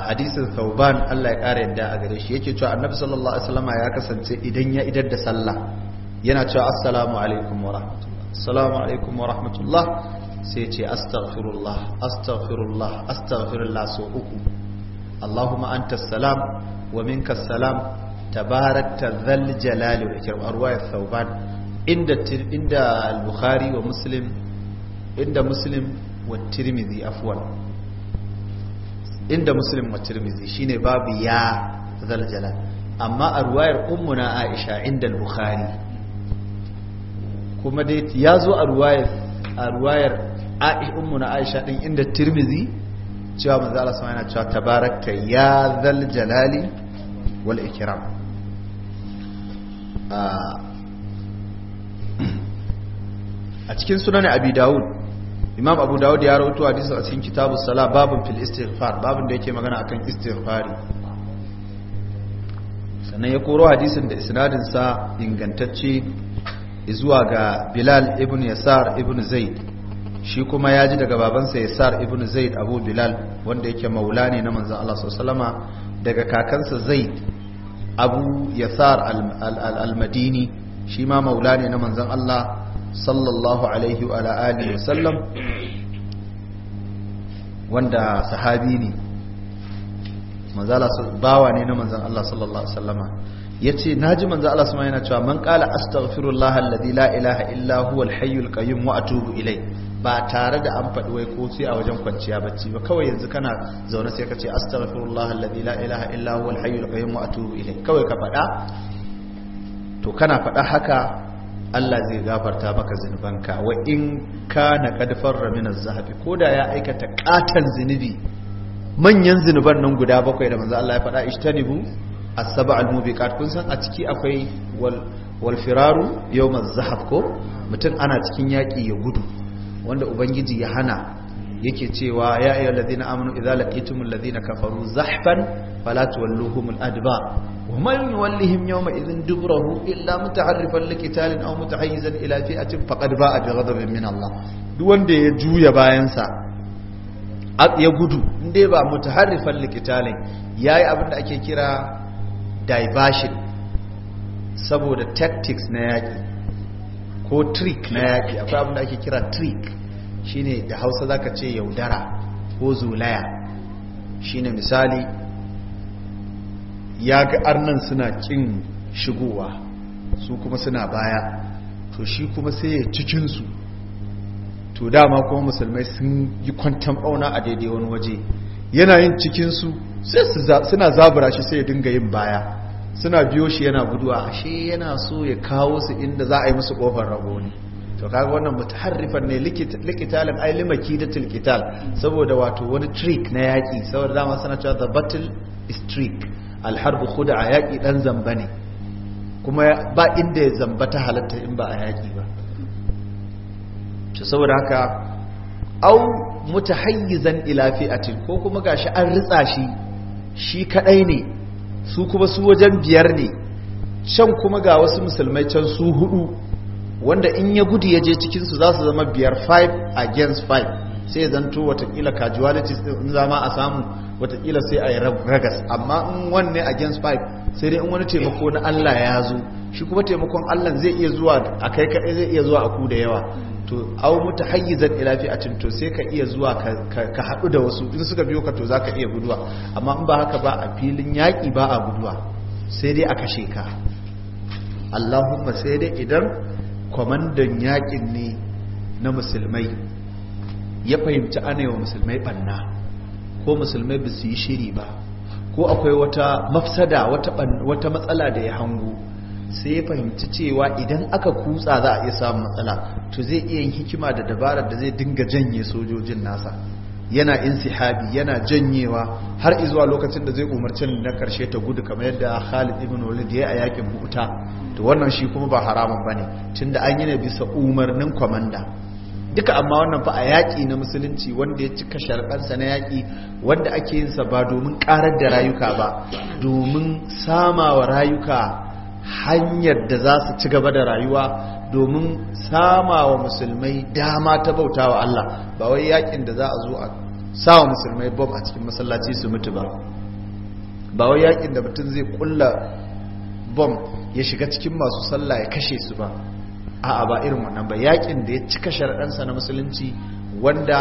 hadisin thauban Allah ya kara yadda a gare shi yake cewa annabi sallallahu alaihi wasallam ya kasance idan ya idar da sallah yana cewa assalamu alaikum wa rahmatullahi assalamu alaikum wa rahmatullah sai ce astaghfirullah astaghfirullah astaghfirullah so uku allahumma antas salam wa minka salam tabarakta dhal jalali wa ikram arwayat thawban inda inda al-bukhari wa muslim inda muslim wa tirmidhi afwan inda muslim wa tirmidhi shine babu ya dhal jalal amma arwayar ummuna aisha inda al-bukhari kuma dai ya zo a ruwayar a ruwayar na aisha ɗin inda tirmizi cewa manzo Allah sama yana cewa tabaraka ya zal jalali wal ikiram. Ah, a cikin sunan abi dawud imam abu dawud ya a hadisi a cikin kitabu sala babin fil istighfar babin da yake magana akan istighfari sannan ya koro hadisin da isnadin ingantacce zuwa ga bilal ibn yasar ibn zaid shi kuma ya ji daga babansa yasar ibn zaid abu bilal wanda yake maula ne na manzan allah sallama daga kakansa zaid abu yasar al-madini shi ma maula ne na manzan allah sallallahu alaihi wa alihi wasallam wanda sahabi ne manzala bawa ne na manzan allah sallallahu alaihi wasallama yace naji manzo Allah subhanahu yana cewa man qala astaghfirullah alladhi la ilaha illa huwa alhayyul qayyum wa atubu ilay ba tare da an faɗi wai ko sai a wajen kwanciya bacci ba kawai yanzu kana zaune sai ka ce astaghfirullah alladhi la ilaha illa huwa alhayyul qayyum wa atubu ilay kawai ka faɗa to kana faɗa haka Allah zai gafarta maka zunubanka wa in kana qad farra min az-zahabi koda ya aikata katan zunubi manyan zunuban nan guda bakwai da manzo Allah ya faɗa ishtanibu asaba al-mubiqat kun san a ciki akwai wal firaru yawmaz zahab ko mutum ana cikin yaki ya gudu wanda ubangiji ya hana yake cewa ya ayyuhal ladina amanu idza laqitumul ladina kafaru zahfan fala tuwalluhumul adbar wa man yuwallihim yawma idhin dubrahu illa mutaharrifan liqitalin aw mutahayyizan ila fi'atin faqad ba'a bi ghadabin min Allah duk wanda ya juya bayan sa ya gudu inde ba mutaharrifan liqitalin yayi abin da ake kira diversion saboda tactics na yaƙi ko trick na yaƙi akwai abin da ake kira trick shine da hausa zaka ce yaudara ko zulaya shine misali ya ga arnan suna kin shigowa su kuma suna baya to shi kuma sai ya cikinsu to dama kuma musulmai sun yi kwantan bauna a daidai wani waje yana yin cikinsu sai suna zabura shi sai ya dinga yin baya suna biyo shi yana guduwa ashe yana so ya kawo su inda za a yi musu kofar rago ne to kaga wannan mutaharrifan ne likitalin ai limaki da tilkital saboda wato wani trick na yaki saboda dama sana cewa the battle is trick alharbu khuda a yaki dan zamba ne kuma ba inda ya zamba ta halatta in ba a yaki ba to saboda haka au mutahayyizan ila fi'atin ko kuma gashi an ritsa shi shi kaɗai ne su kuma su wajen biyar ne can kuma ga wasu musulmai can su hudu wanda in ya gudu ya je cikinsu za su zama biyar 5 against 5 sai ya zanto watakila casualties in zama a samu watakila sai a yi ragas amma in wanne against 5 sai dai in wani taimako na allah ya zo shi kuma taimakon Allah zai iya zuwa a kai kaɗai zai iya zuwa a ku da yawa to au mutu hayyizan ilafi a cinto sai ka iya zuwa ka haɗu da wasu in suka biyo ka to za ka iya guduwa amma in ba haka ba a filin yaƙi ba a guduwa sai dai a kashe ka Allahumma sai dai idan kwamandan yaƙin ne na musulmai ya fahimci ana yi wa musulmai ɓanna ko musulmai ba su yi shiri ba ko akwai wata mafsada wata matsala da ya hangu. sai ya fahimci cewa idan aka kutsa za a iya samun matsala to zai iya yin hikima da dabarar da zai dinga janye sojojin nasa yana insihabi yana janyewa har izuwa lokacin da zai umarci na karshe ta gudu kamar yadda Khalid ibn Walid ya yi a yakin Mu'ta to wannan shi kuma ba haramun bane tunda an yi ne bisa umarnin komanda duka amma wannan fa a yaƙi na musulunci wanda ya cika sharɓarsa na yaƙi wanda ake yin sa ba domin ƙarar da rayuka ba domin samawa rayuka hanyar da za su ci gaba da rayuwa domin sama wa musulmai dama ta bauta wa Allah ba wai yakin da za a zo a sa musulmai bob a cikin masallaci su mutu ba ba wai yakin da mutum zai kulla bom ya shiga cikin masu sallah ya kashe su ba a'a ba irin wannan ba yakin da ya cika sharaɗansa na musulunci wanda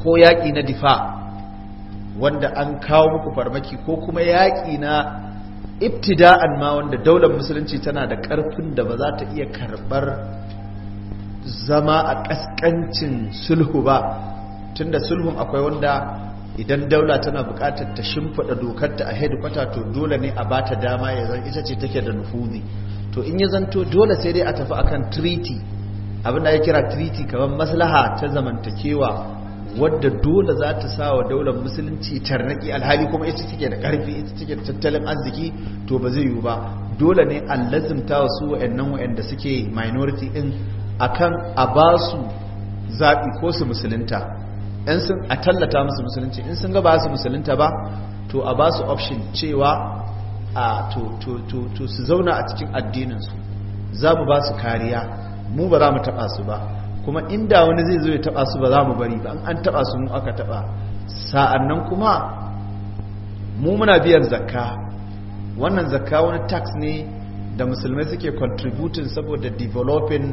ko yaƙi na difa wanda an kawo muku farmaki ko kuma yaƙi na ibtida'an ma wanda daular musulunci tana da karfin da ba za ta iya karbar zama a kaskancin sulhu ba tunda sulhun akwai wanda idan daula tana bukatar ta shimfiɗa ta a hedikwata to dole ne a bata dama ya zan ita ce take da nufuzi to in ya zanto dole sai dai a tafi akan treaty abinda ya kira treaty kamar maslaha ta zamantakewa wadda dole za ta sa wa daular musulunci tarnaki alhali kuma ita take da karfi ita take da tattalin arziki to ba zai yiwu ba dole ne lazimta wa su wa'annan wa'anda suke minority din akan a ba su zaɓi ko su musulunta in sun a tallata musu musulunci in sun ga ba su musulunta ba to a ba su option cewa a to su zauna a cikin addininsu za mu ba su kariya mu ba za mu taɓa su ba kuma inda wani zai zo ya taba su ba za mu bari ba an taba su mu aka taba nan kuma mu muna biyan zakka wannan zakka wani tax ne da musulmai suke contributing saboda developing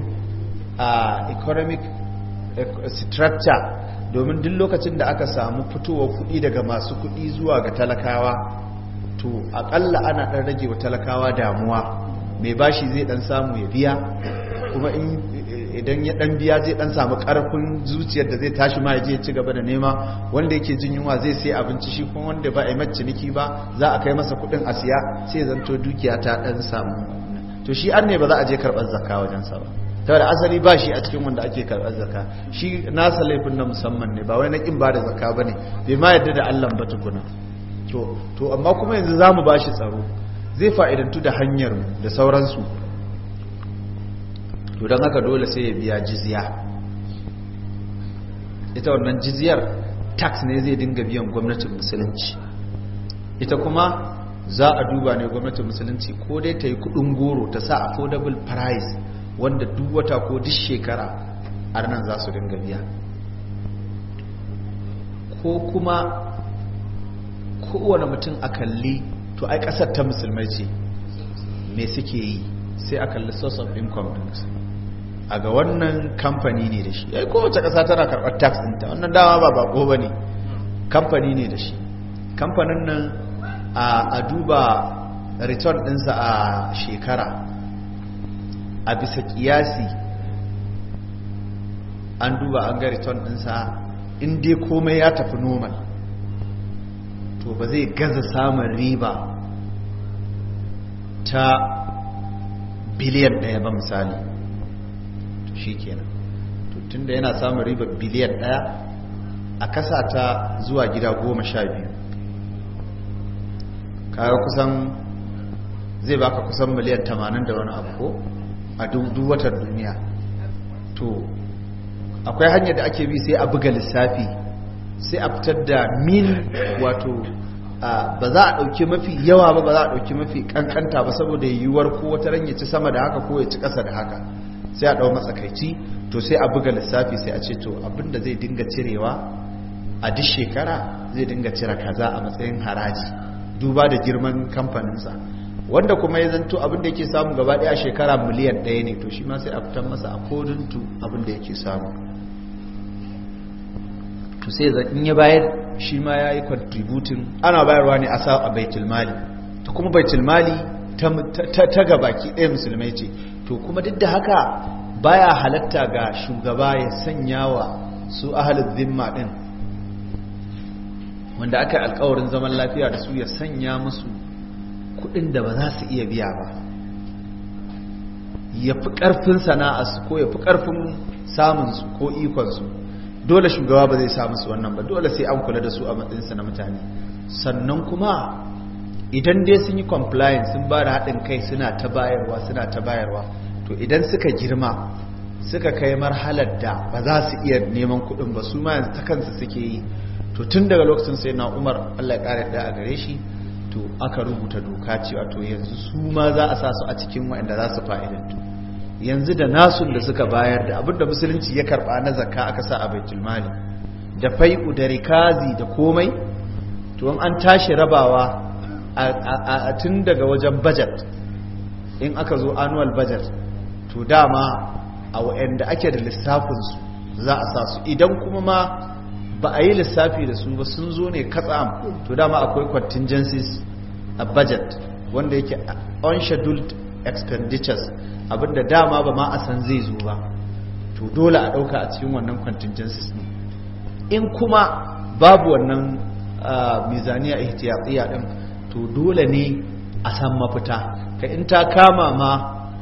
uh, economic e, structure domin duk lokacin da aka samu fitowa kuɗi daga masu kuɗi zuwa ga talakawa to akalla ana ɗan rage wa talakawa damuwa mai bashi zai ɗan samu ya biya kuma in idan ya dan biya zai dan samu karfin zuciyar da zai tashi ma ya ci gaba da nema wanda yake jin yunwa zai sai abinci shi kuma wanda ba a yi niki ba za a kai masa kudin a siya sai zanto dukiya ta dan samu to shi an ne ba za a je karɓar zakka wajen sa ba ta da asali ba shi a cikin wanda ake karɓar zakka shi nasa laifin na musamman ne ba wai na kin ba da zakka ne bai ma yadda da Allah ba tukuna to to amma kuma yanzu za zamu bashi tsaro zai fa'idantu da hanyar da sauransu to don haka dole sai ya biya jizya ita wannan jiziyar tax ne zai dinga biyan gwamnatin musulunci ita kuma za a duba ne gwamnatin musulunci ko dai ta yi kudin goro ta sa affordable price wanda duk wata ko duk shekara a nan za su dinga biya ko kuma kowane mutum a kalli to ai kasar ta musulmai ce me suke yi sai a kalli source of income su a ga wannan kamfani ne da shi ya eh, yi kowace ƙasa tana karɓar tax ta wannan dama ba bako ba ne kamfani ne da shi kamfanin nan a duba return ɗinsa a shekara a bisa ƙiyasi an duba an ga return ɗinsa in dai komai ya tafi normal to ba zai gaza samun riba ta biliyan ɗaya ba misali shi kenan tun da yana samun riba biliyan ɗaya a kasa ta zuwa gida goma sha biyu kayo kusan zai baka kusan miliyan tamanin da wani abu ko a duk watan duniya to akwai hanyar da ake bi sai a buga lissafi sai a fitar da mil wato ba za a ɗauki mafi yawa ba ba za a ɗauki mafi ƙanƙanta ba saboda yiwuwar ko wata ran ya ci sama da haka ko ya ci ƙasa da haka sai a ɗau matsakaici to sai a buga lissafi sai a ce to abinda zai dinga cirewa a duk shekara zai dinga cire kaza a matsayin haraji duba da girman kamfaninsa wanda kuma ya zanto abin da yake samu gaba ɗaya shekara miliyan ɗaya ne to shi ma sai a fitar masa a to abin da yake samu to sai zan in ya bayar shi ma ya yi contributing ana bayarwa ne a sa a baitul mali to kuma baitul mali ta gabaki ɗaya musulmai ce to kuma duk da haka baya halatta ga shugaba ya sanya wa su ahalin zimma ɗin wanda aka yi alkawarin zaman lafiya da su ya sanya musu kuɗin da ba za su iya biya ba ya fi ƙarfin sana'arsu ko ya fi ƙarfin samunsu ko ikonsu dole shugaba ba zai samu musu wannan ba dole sai an kula da su a matsayinsa na mutane sannan kuma idan dai sun yi compliance sun ba da haɗin kai suna ta bayarwa suna ta bayarwa to idan suka girma suka kai marhalar da ba za su iya neman kuɗin ba su ma yanzu ta kansu suke yi to tun daga lokacin sai na umar allah ya ƙara da a gare shi to aka rubuta doka cewa to yanzu su ma za a sa su a cikin waɗanda za su fa'idantu yanzu da nasun da suka bayar da abinda musulunci ya karba na zakka aka sa a baitul mali da fai'u da rikazi da komai to an tashi rabawa a tun daga wajen budget in aka zo annual budget to dama a wa'anda ake da lissafinsu za a sa su idan kuma ma ba a yi lissafi da su ba sun zo ne katsam to dama akwai contingencies a budget wanda yake unscheduled expenditures abinda dama ba ma a san zai zo ba to dole a ɗauka a cikin wannan contingencies ne in kuma babu wannan mizaniya ihtiyatiya din to dole ne a san mafita ka in ta kama ma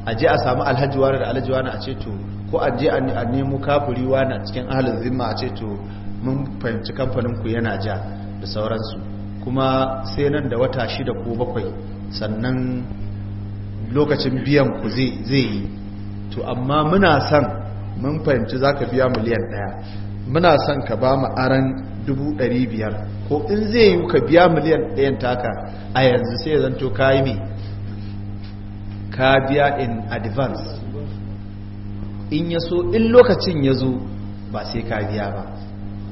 a je a samu alhaji wani da alhaji wani a ce to ko a je a nemo kafuri wani cikin ahalin zimma a ce to mun fahimci kamfanin ku yana ja da sauransu kuma sai nan da wata shida ko bakwai sannan lokacin biyan ku zai yi to amma muna son mun fahimci za ka biya miliyan ɗaya muna son ka ba mu aran dubu dari biyar ko in zai yi ka biya miliyan ɗayan taka a yanzu sai zan to ka yi ka biya in advance in yaso in lokacin ya zo ba sai ka biya ba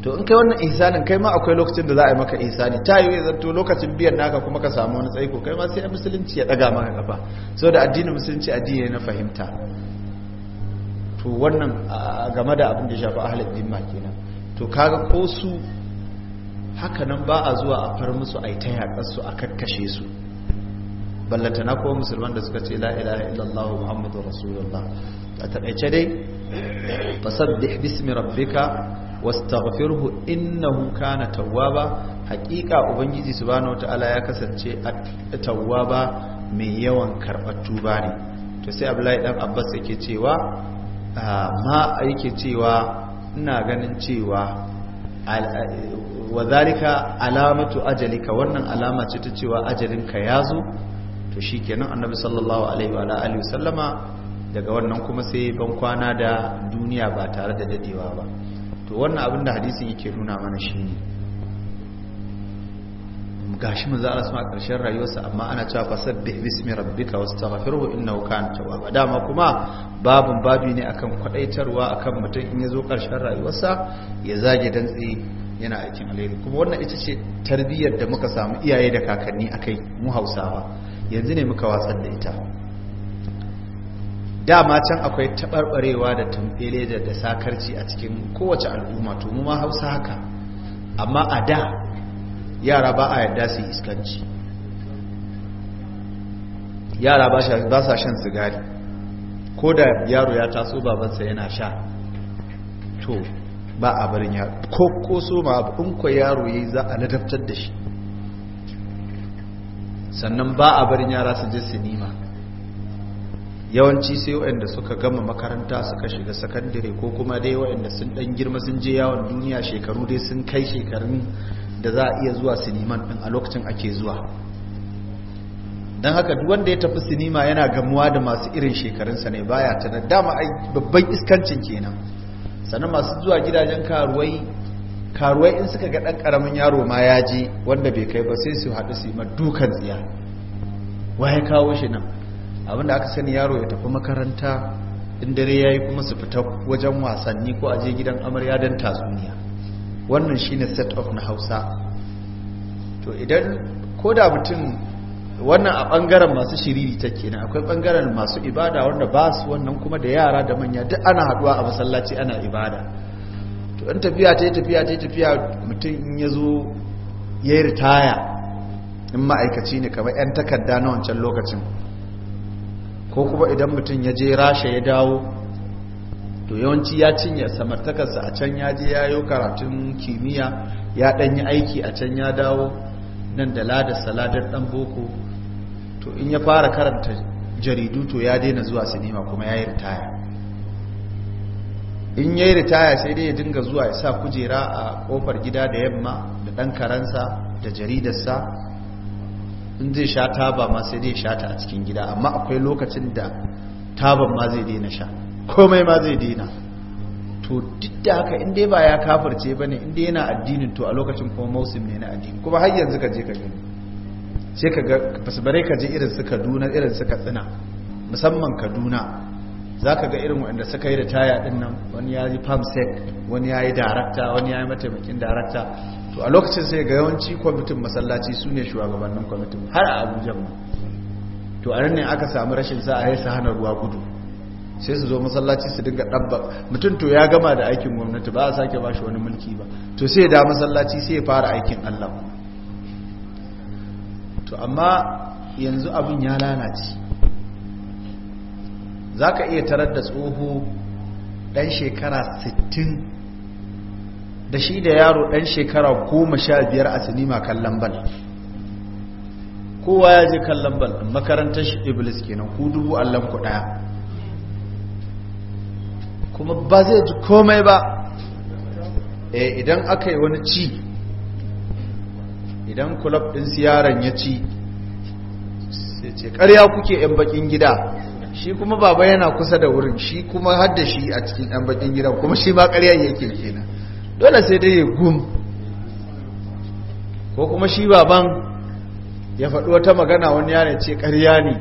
to in kai wannan ihsanin kai ma akwai lokacin da za a yi maka ihsani ta yi zato lokacin biyan naka kuma ka samu wani tsaiko kai ma sai a musulunci ya daga maka kafa so da addinin musulunci addini ne na fahimta to wannan game da abin da shafi ahlul dimma kenan to kaga ko su haka nan ba a zuwa a far musu a yi ta yaƙar su a kakkashe su na ko musulman da suka ce la ilaha illallah muhammadu rasulullah a taƙaice dai fasabbih bismi rabbika wastaghfirhu innahu kana tawwaba haqiqa ubangiji subhanahu ta'ala ya kasance tawwaba mai yawan karbar tuba ne to sai Abdullahi dan Abbas yake cewa ah, ma yake cewa ina ganin cewa wa zalika alamatu ajalika wannan alama ce ta cewa ajalinka ya zo to shikenan annabi sallallahu alaihi wa alihi sallama daga wannan kuma sai ban kwana da duniya ba tare da dadewa ba to wannan abin da hadisi yake nuna mana shi ne gashi za a sama karshen rayuwarsa amma ana cewa fasabbih bismi rabbika wastaghfirhu innahu kana tawwaba dama kuma babun babi ne akan kwadaitarwa akan mutum in ya yazo karshen rayuwarsa ya zage dantse yana aikin alheri kuma wannan ita ce tarbiyyar da muka samu iyaye da kakanni akai mu Hausawa yanzu ne muka watsar da ita dama can akwai taɓarɓarewa da tumfele da da sakarci a cikin kowace al'umma to mu ma hausa haka amma a da yara ba a yarda su iskanci yara ba sa shan sigari ko da yaro ya taso babansa yana sha to ba a barin yaro ko ko so ma abin ko yaro yi za a ladabtar da shi sannan ba a barin yara su je sinima yawanci sai waɗanda suka gama makaranta suka shiga sakandare ko kuma dai waɗanda sun ɗan girma sun je yawon duniya shekaru dai sun kai shekarun da za a iya zuwa siniman ɗin a lokacin ake zuwa don haka duk wanda ya tafi sinima yana gamuwa da masu irin shekarunsa ne baya ta da dama babban iskancin kenan sannan masu zuwa gidajen karuwai karuwai in suka ga ɗan ƙaramin yaro ma ya je wanda bai kai ba sai su haɗu su yi dukan tsiya wa ya kawo shi nan abinda aka sani yaro ya tafi makaranta in dare yi kuma su fita wajen wasanni ko aje gidan amarya don tatsuniya wannan shine set of na Hausa to idan da mutum wannan a bangaren masu shiriri ta kenan akwai bangaren masu ibada wanda ba su wannan kuma da yara da manya duk ana haduwa a masallaci ana ibada to in tafiya ta yi tafiya ta yi tafiya mutum in ya zo ya yi ritaya in ma'aikaci ne kamar 'yan takarda na wancan lokacin ko kuma idan mutum ya je rasha ya dawo to yawanci ya cinye samartakarsa a can ya je ya yi karatun kimiyya ya ɗan yi aiki a can ya dawo nan da lada saladar ɗan boko to in ya fara karanta jaridu to ya daina zuwa sinima kuma ya yi ritaya in ya yi ritaya sai dai ya dinga zuwa ya sa kujera a ƙofar gida da yamma da ɗan karansa da jaridarsa in zai sha taba ma sai dai sha ta a cikin gida amma akwai lokacin da taban ma zai daina sha komai ma zai daina to duk da haka in dai ba ya kafirce ba ne in dai yana addinin to a lokacin kuma mausim ne na addini kuma har yanzu ka je ka gani sai ka ga fasbare ka je irin su kaduna irin su katsina musamman kaduna za ka ga irin waɗanda suka yi da taya ɗin nan wani ya yi pamsec wani ya yi darakta wani ya yi mataimakin darakta to a lokacin sai ga yawanci kwamitin masallaci su ne shugabannin kwamitin har a abuja mu to a ne aka samu rashin sa a yi su hana ruwa gudu sai su zo masallaci su dinga ɗabba mutum to ya gama da aikin gwamnati ba a sake ba shi wani mulki ba to sai da masallaci sai ya fara aikin allah to amma yanzu abin ya lalace za ka iya tarar da tsoho ɗan shekara sittin. da shi da yaro ɗan shekara goma sha biyar a sinima kallon bal kowa ya je kallon bal makarantar shi iblis kenan ku dubu allon ku ɗaya kuma ba zai ji komai ba eh, idan aka yi wani ci idan kulab ɗin siyaran ya ci sai ce ƙarya kuke 'yan bakin gida shi kuma baba yana kusa da wurin shi kuma hadda shi a cikin 'yan bakin gida kuma shi ma ƙarya yake kenan dole sai dai ya gum ko kuma shi baban ya faɗi wata magana wani yana ce ƙarya ne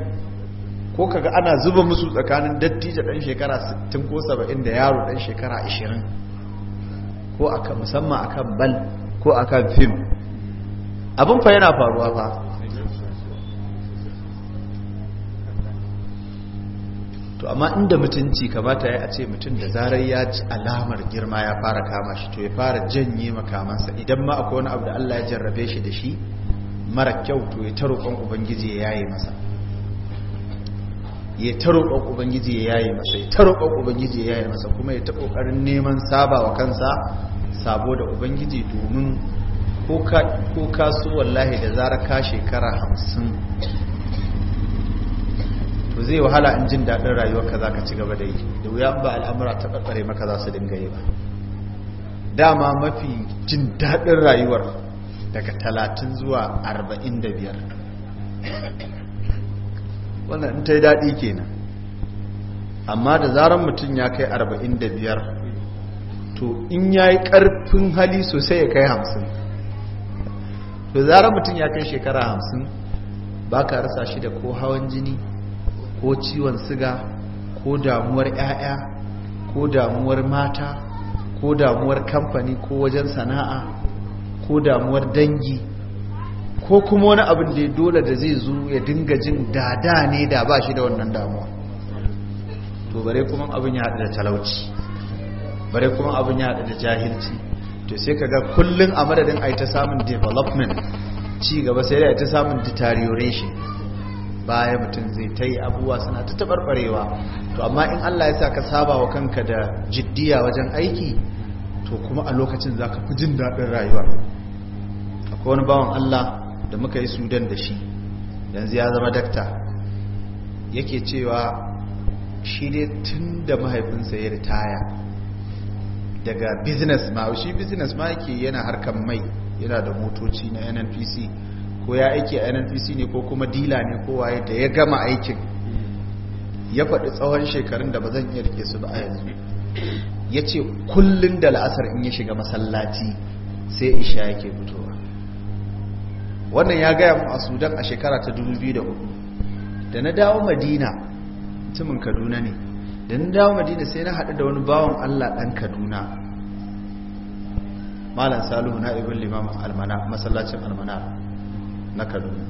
ko kaga ana zuba musu tsakanin dattijo ɗan shekara 60 ko 70 da yaro ɗan shekara 20 ko aka musamman akan bal ko akan fim abin fa yana faruwa fa to amma inda mutunci kamata ya ce mutum da zarar ya ci alamar girma ya fara kama shi to ya fara janye makamansa idan ma akwai wani abu da Allah ya jarrabe shi da shi mara kyau to ya ta roƙon ubangiji ya yaye masa ya ta roƙon ubangiji ya yaye masa ya ta roƙon ubangiji ya yaye masa kuma ya ta ƙoƙarin neman saba wa kansa sabo da ubangiji domin ko ka so wallahi da zarar ka shekara hamsin to zai wahala in jin daɗin rayuwarka za ka ci gaba da yi da wuya ba al'amura ta ɓaɓɓare maka za su dinga yi ba dama mafi jin daɗin rayuwar daga talatin zuwa arba'in da biyar wannan in ta yi daɗi kenan amma da zarar mutum ya kai arba'in da biyar to in ya yi ƙarfin hali sosai ya kai hamsin to zarar mutum ya kai shekara hamsin ba ka rasa shi da ko hawan jini ko ciwon siga ko damuwar 'ya'ya ko damuwar mata ko damuwar kamfani ko wajen sana'a ko damuwar dangi ko kuma wani abin da ya dole da zai zo ya dinga jin dada ne da ba shi da wannan damuwa to bare kuma abin ya haɗu da talauci bare kuma abin ya haɗu da jahilci to sai kaga kullum a madadin a ta samun development ci gaba sai da ta samun deterioration baya mutum zai ta yi abubuwa suna ta tabarbarewa to amma in allah ya sa ka saba wa kanka da jiddiya wajen aiki to kuma a lokacin za ka fi jin daɗin rayuwa akwai wani bawan allah da muka yi sudan da shi yanzu ya zama dakta yake cewa shi ne tun da mahaifinsa ya ritaya daga business ma shi business ma yake yana harkar mai yana da motoci na nnpc ko ya aiki a nnpc ne ko kuma dila ne ko waye da ya gama aikin ya faɗi tsawon shekarun da ba zan iya rike su ba a yanzu ya ce kullum da la'asar in ya shiga masallaci sai isha yake fitowa wannan ya gaya mu a sudan a shekara ta 2004 da na dawo madina mutumin kaduna ne da na dawo madina sai na haɗu da wani bawan allah ɗan kaduna malam salihu na ibin limamin almana masallacin almana na kaduna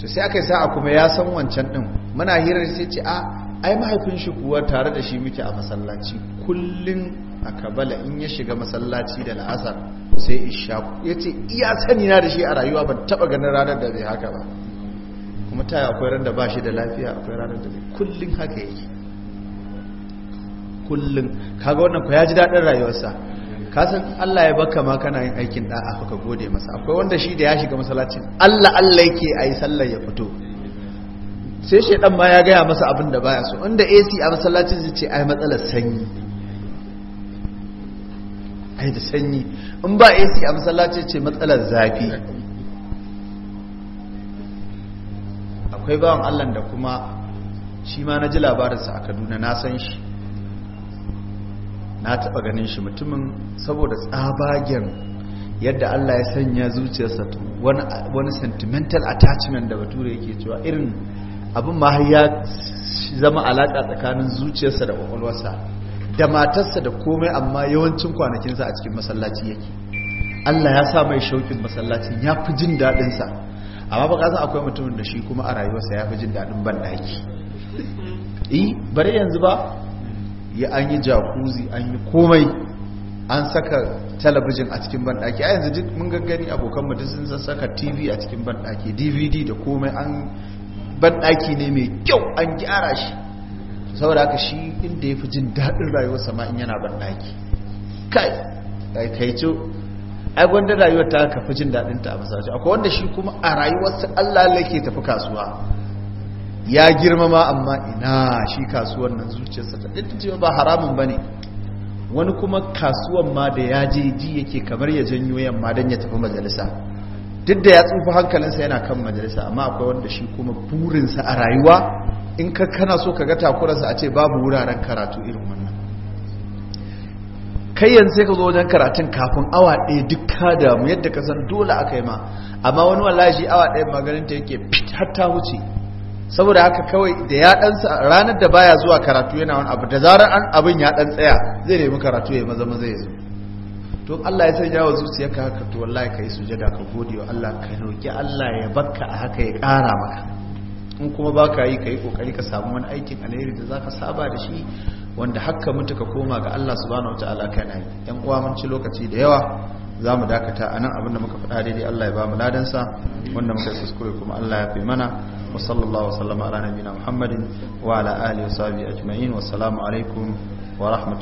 to sai aka yi sa'a kuma ya san wancan din muna hirar sai ce a ai mahaifin shi kuwa tare da shi muke a masallaci kullun a kabala in ya shiga masallaci da la'asar sai isha ya ce iya sani na da shi a rayuwa ban taba ganin ranar da zai haka ba kuma yi akwai ran da ba shi da lafiya akwai ranar da zai kullun haka yake kullun kaga wannan ku ya ji daɗin rayuwarsa kasan Allah ya baka ma kana yin aikin da'a ka gode masa akwai wanda shi da ya shiga masallacin Allah Allah yake ayi sallar ya fito sai shedan ma ya gaya masa abin da baya so inda AC a masallacin zai ce ai matsalar sanyi ai da sanyi in ba AC a masallacin ce matsalar zafi akwai bawan Allah da kuma shi ma na ji labarinsa a Kaduna na san shi na taɓa ganin shi mutumin saboda tsabagen yadda Allah ya sanya zuciyarsa to wani sentimental attachment da bature yake cewa irin abin ma ya zama alaƙa tsakanin zuciyarsa da kwakwalwarsa da matarsa da komai amma yawancin kwanakinsa a cikin masallaci yake Allah ya sa mai shaukin masallacin ya fi jin daɗinsa amma ba ƙasa akwai mutumin da shi kuma a rayuwarsa ya fi jin daɗin banɗaki eh bare yanzu ba ya an yi jakuzi an yi komai an saka talabijin a cikin banɗaki a yanzu duk mun gangani abokanmu duk sun saka tv a cikin banɗaki dvd da komai an banɗaki ne mai kyau an gyara shi saboda haka shi inda ya fi jin daɗin rayuwarsa ma in yana banɗaki kai co ai gwanda rayuwar ta ka fi jin daɗinta a masallaci akwai wanda shi kuma a rayuwarsa allah lake tafi kasuwa ya girmama amma ina shi kasuwan nan zuciyarsa ta ɗin cewa ba haramun ba ne wani kuma kasuwan ma da ya je ji yake kamar ya janyo yamma don ya tafi majalisa duk da ya tsufa hankalinsa yana kan majalisa amma akwai wanda shi kuma burinsa a rayuwa in ka kana so ka ga takurarsa a ce babu wuraren karatu irin wannan kai yanzu sai ka zo wajen karatun kafin awa ɗaya duk ka damu yadda ka san dole aka yi ma amma wani wallahi awa ɗaya maganin ta yake fit har ta wuce saboda haka kawai da ya dan ranar da baya zuwa karatu yana wani abu da zarar an abin ya dan tsaya zai nemi karatu ya maza maza ya zo to Allah ya sanya wa ka haka to wallahi kai sujada ka gode wa Allah ka roki Allah ya barka a haka ya ƙara maka in kuma baka yi kai kokari ka samu wani aikin alheri da zaka saba da shi wanda hakka mutu ka koma ga Allah subhanahu wataala kana yi yan uwa mun ci lokaci da yawa za mu dakata a nan abinda muka faɗa daidai Allah ya ba mu ladansa wanda muka suskure kuma Allah ya fi mana wa sallallahu wasallama ala nabina muhammadin wa ala alihi wa sahbihi ajma'in wa alaikum wa rahmatullahi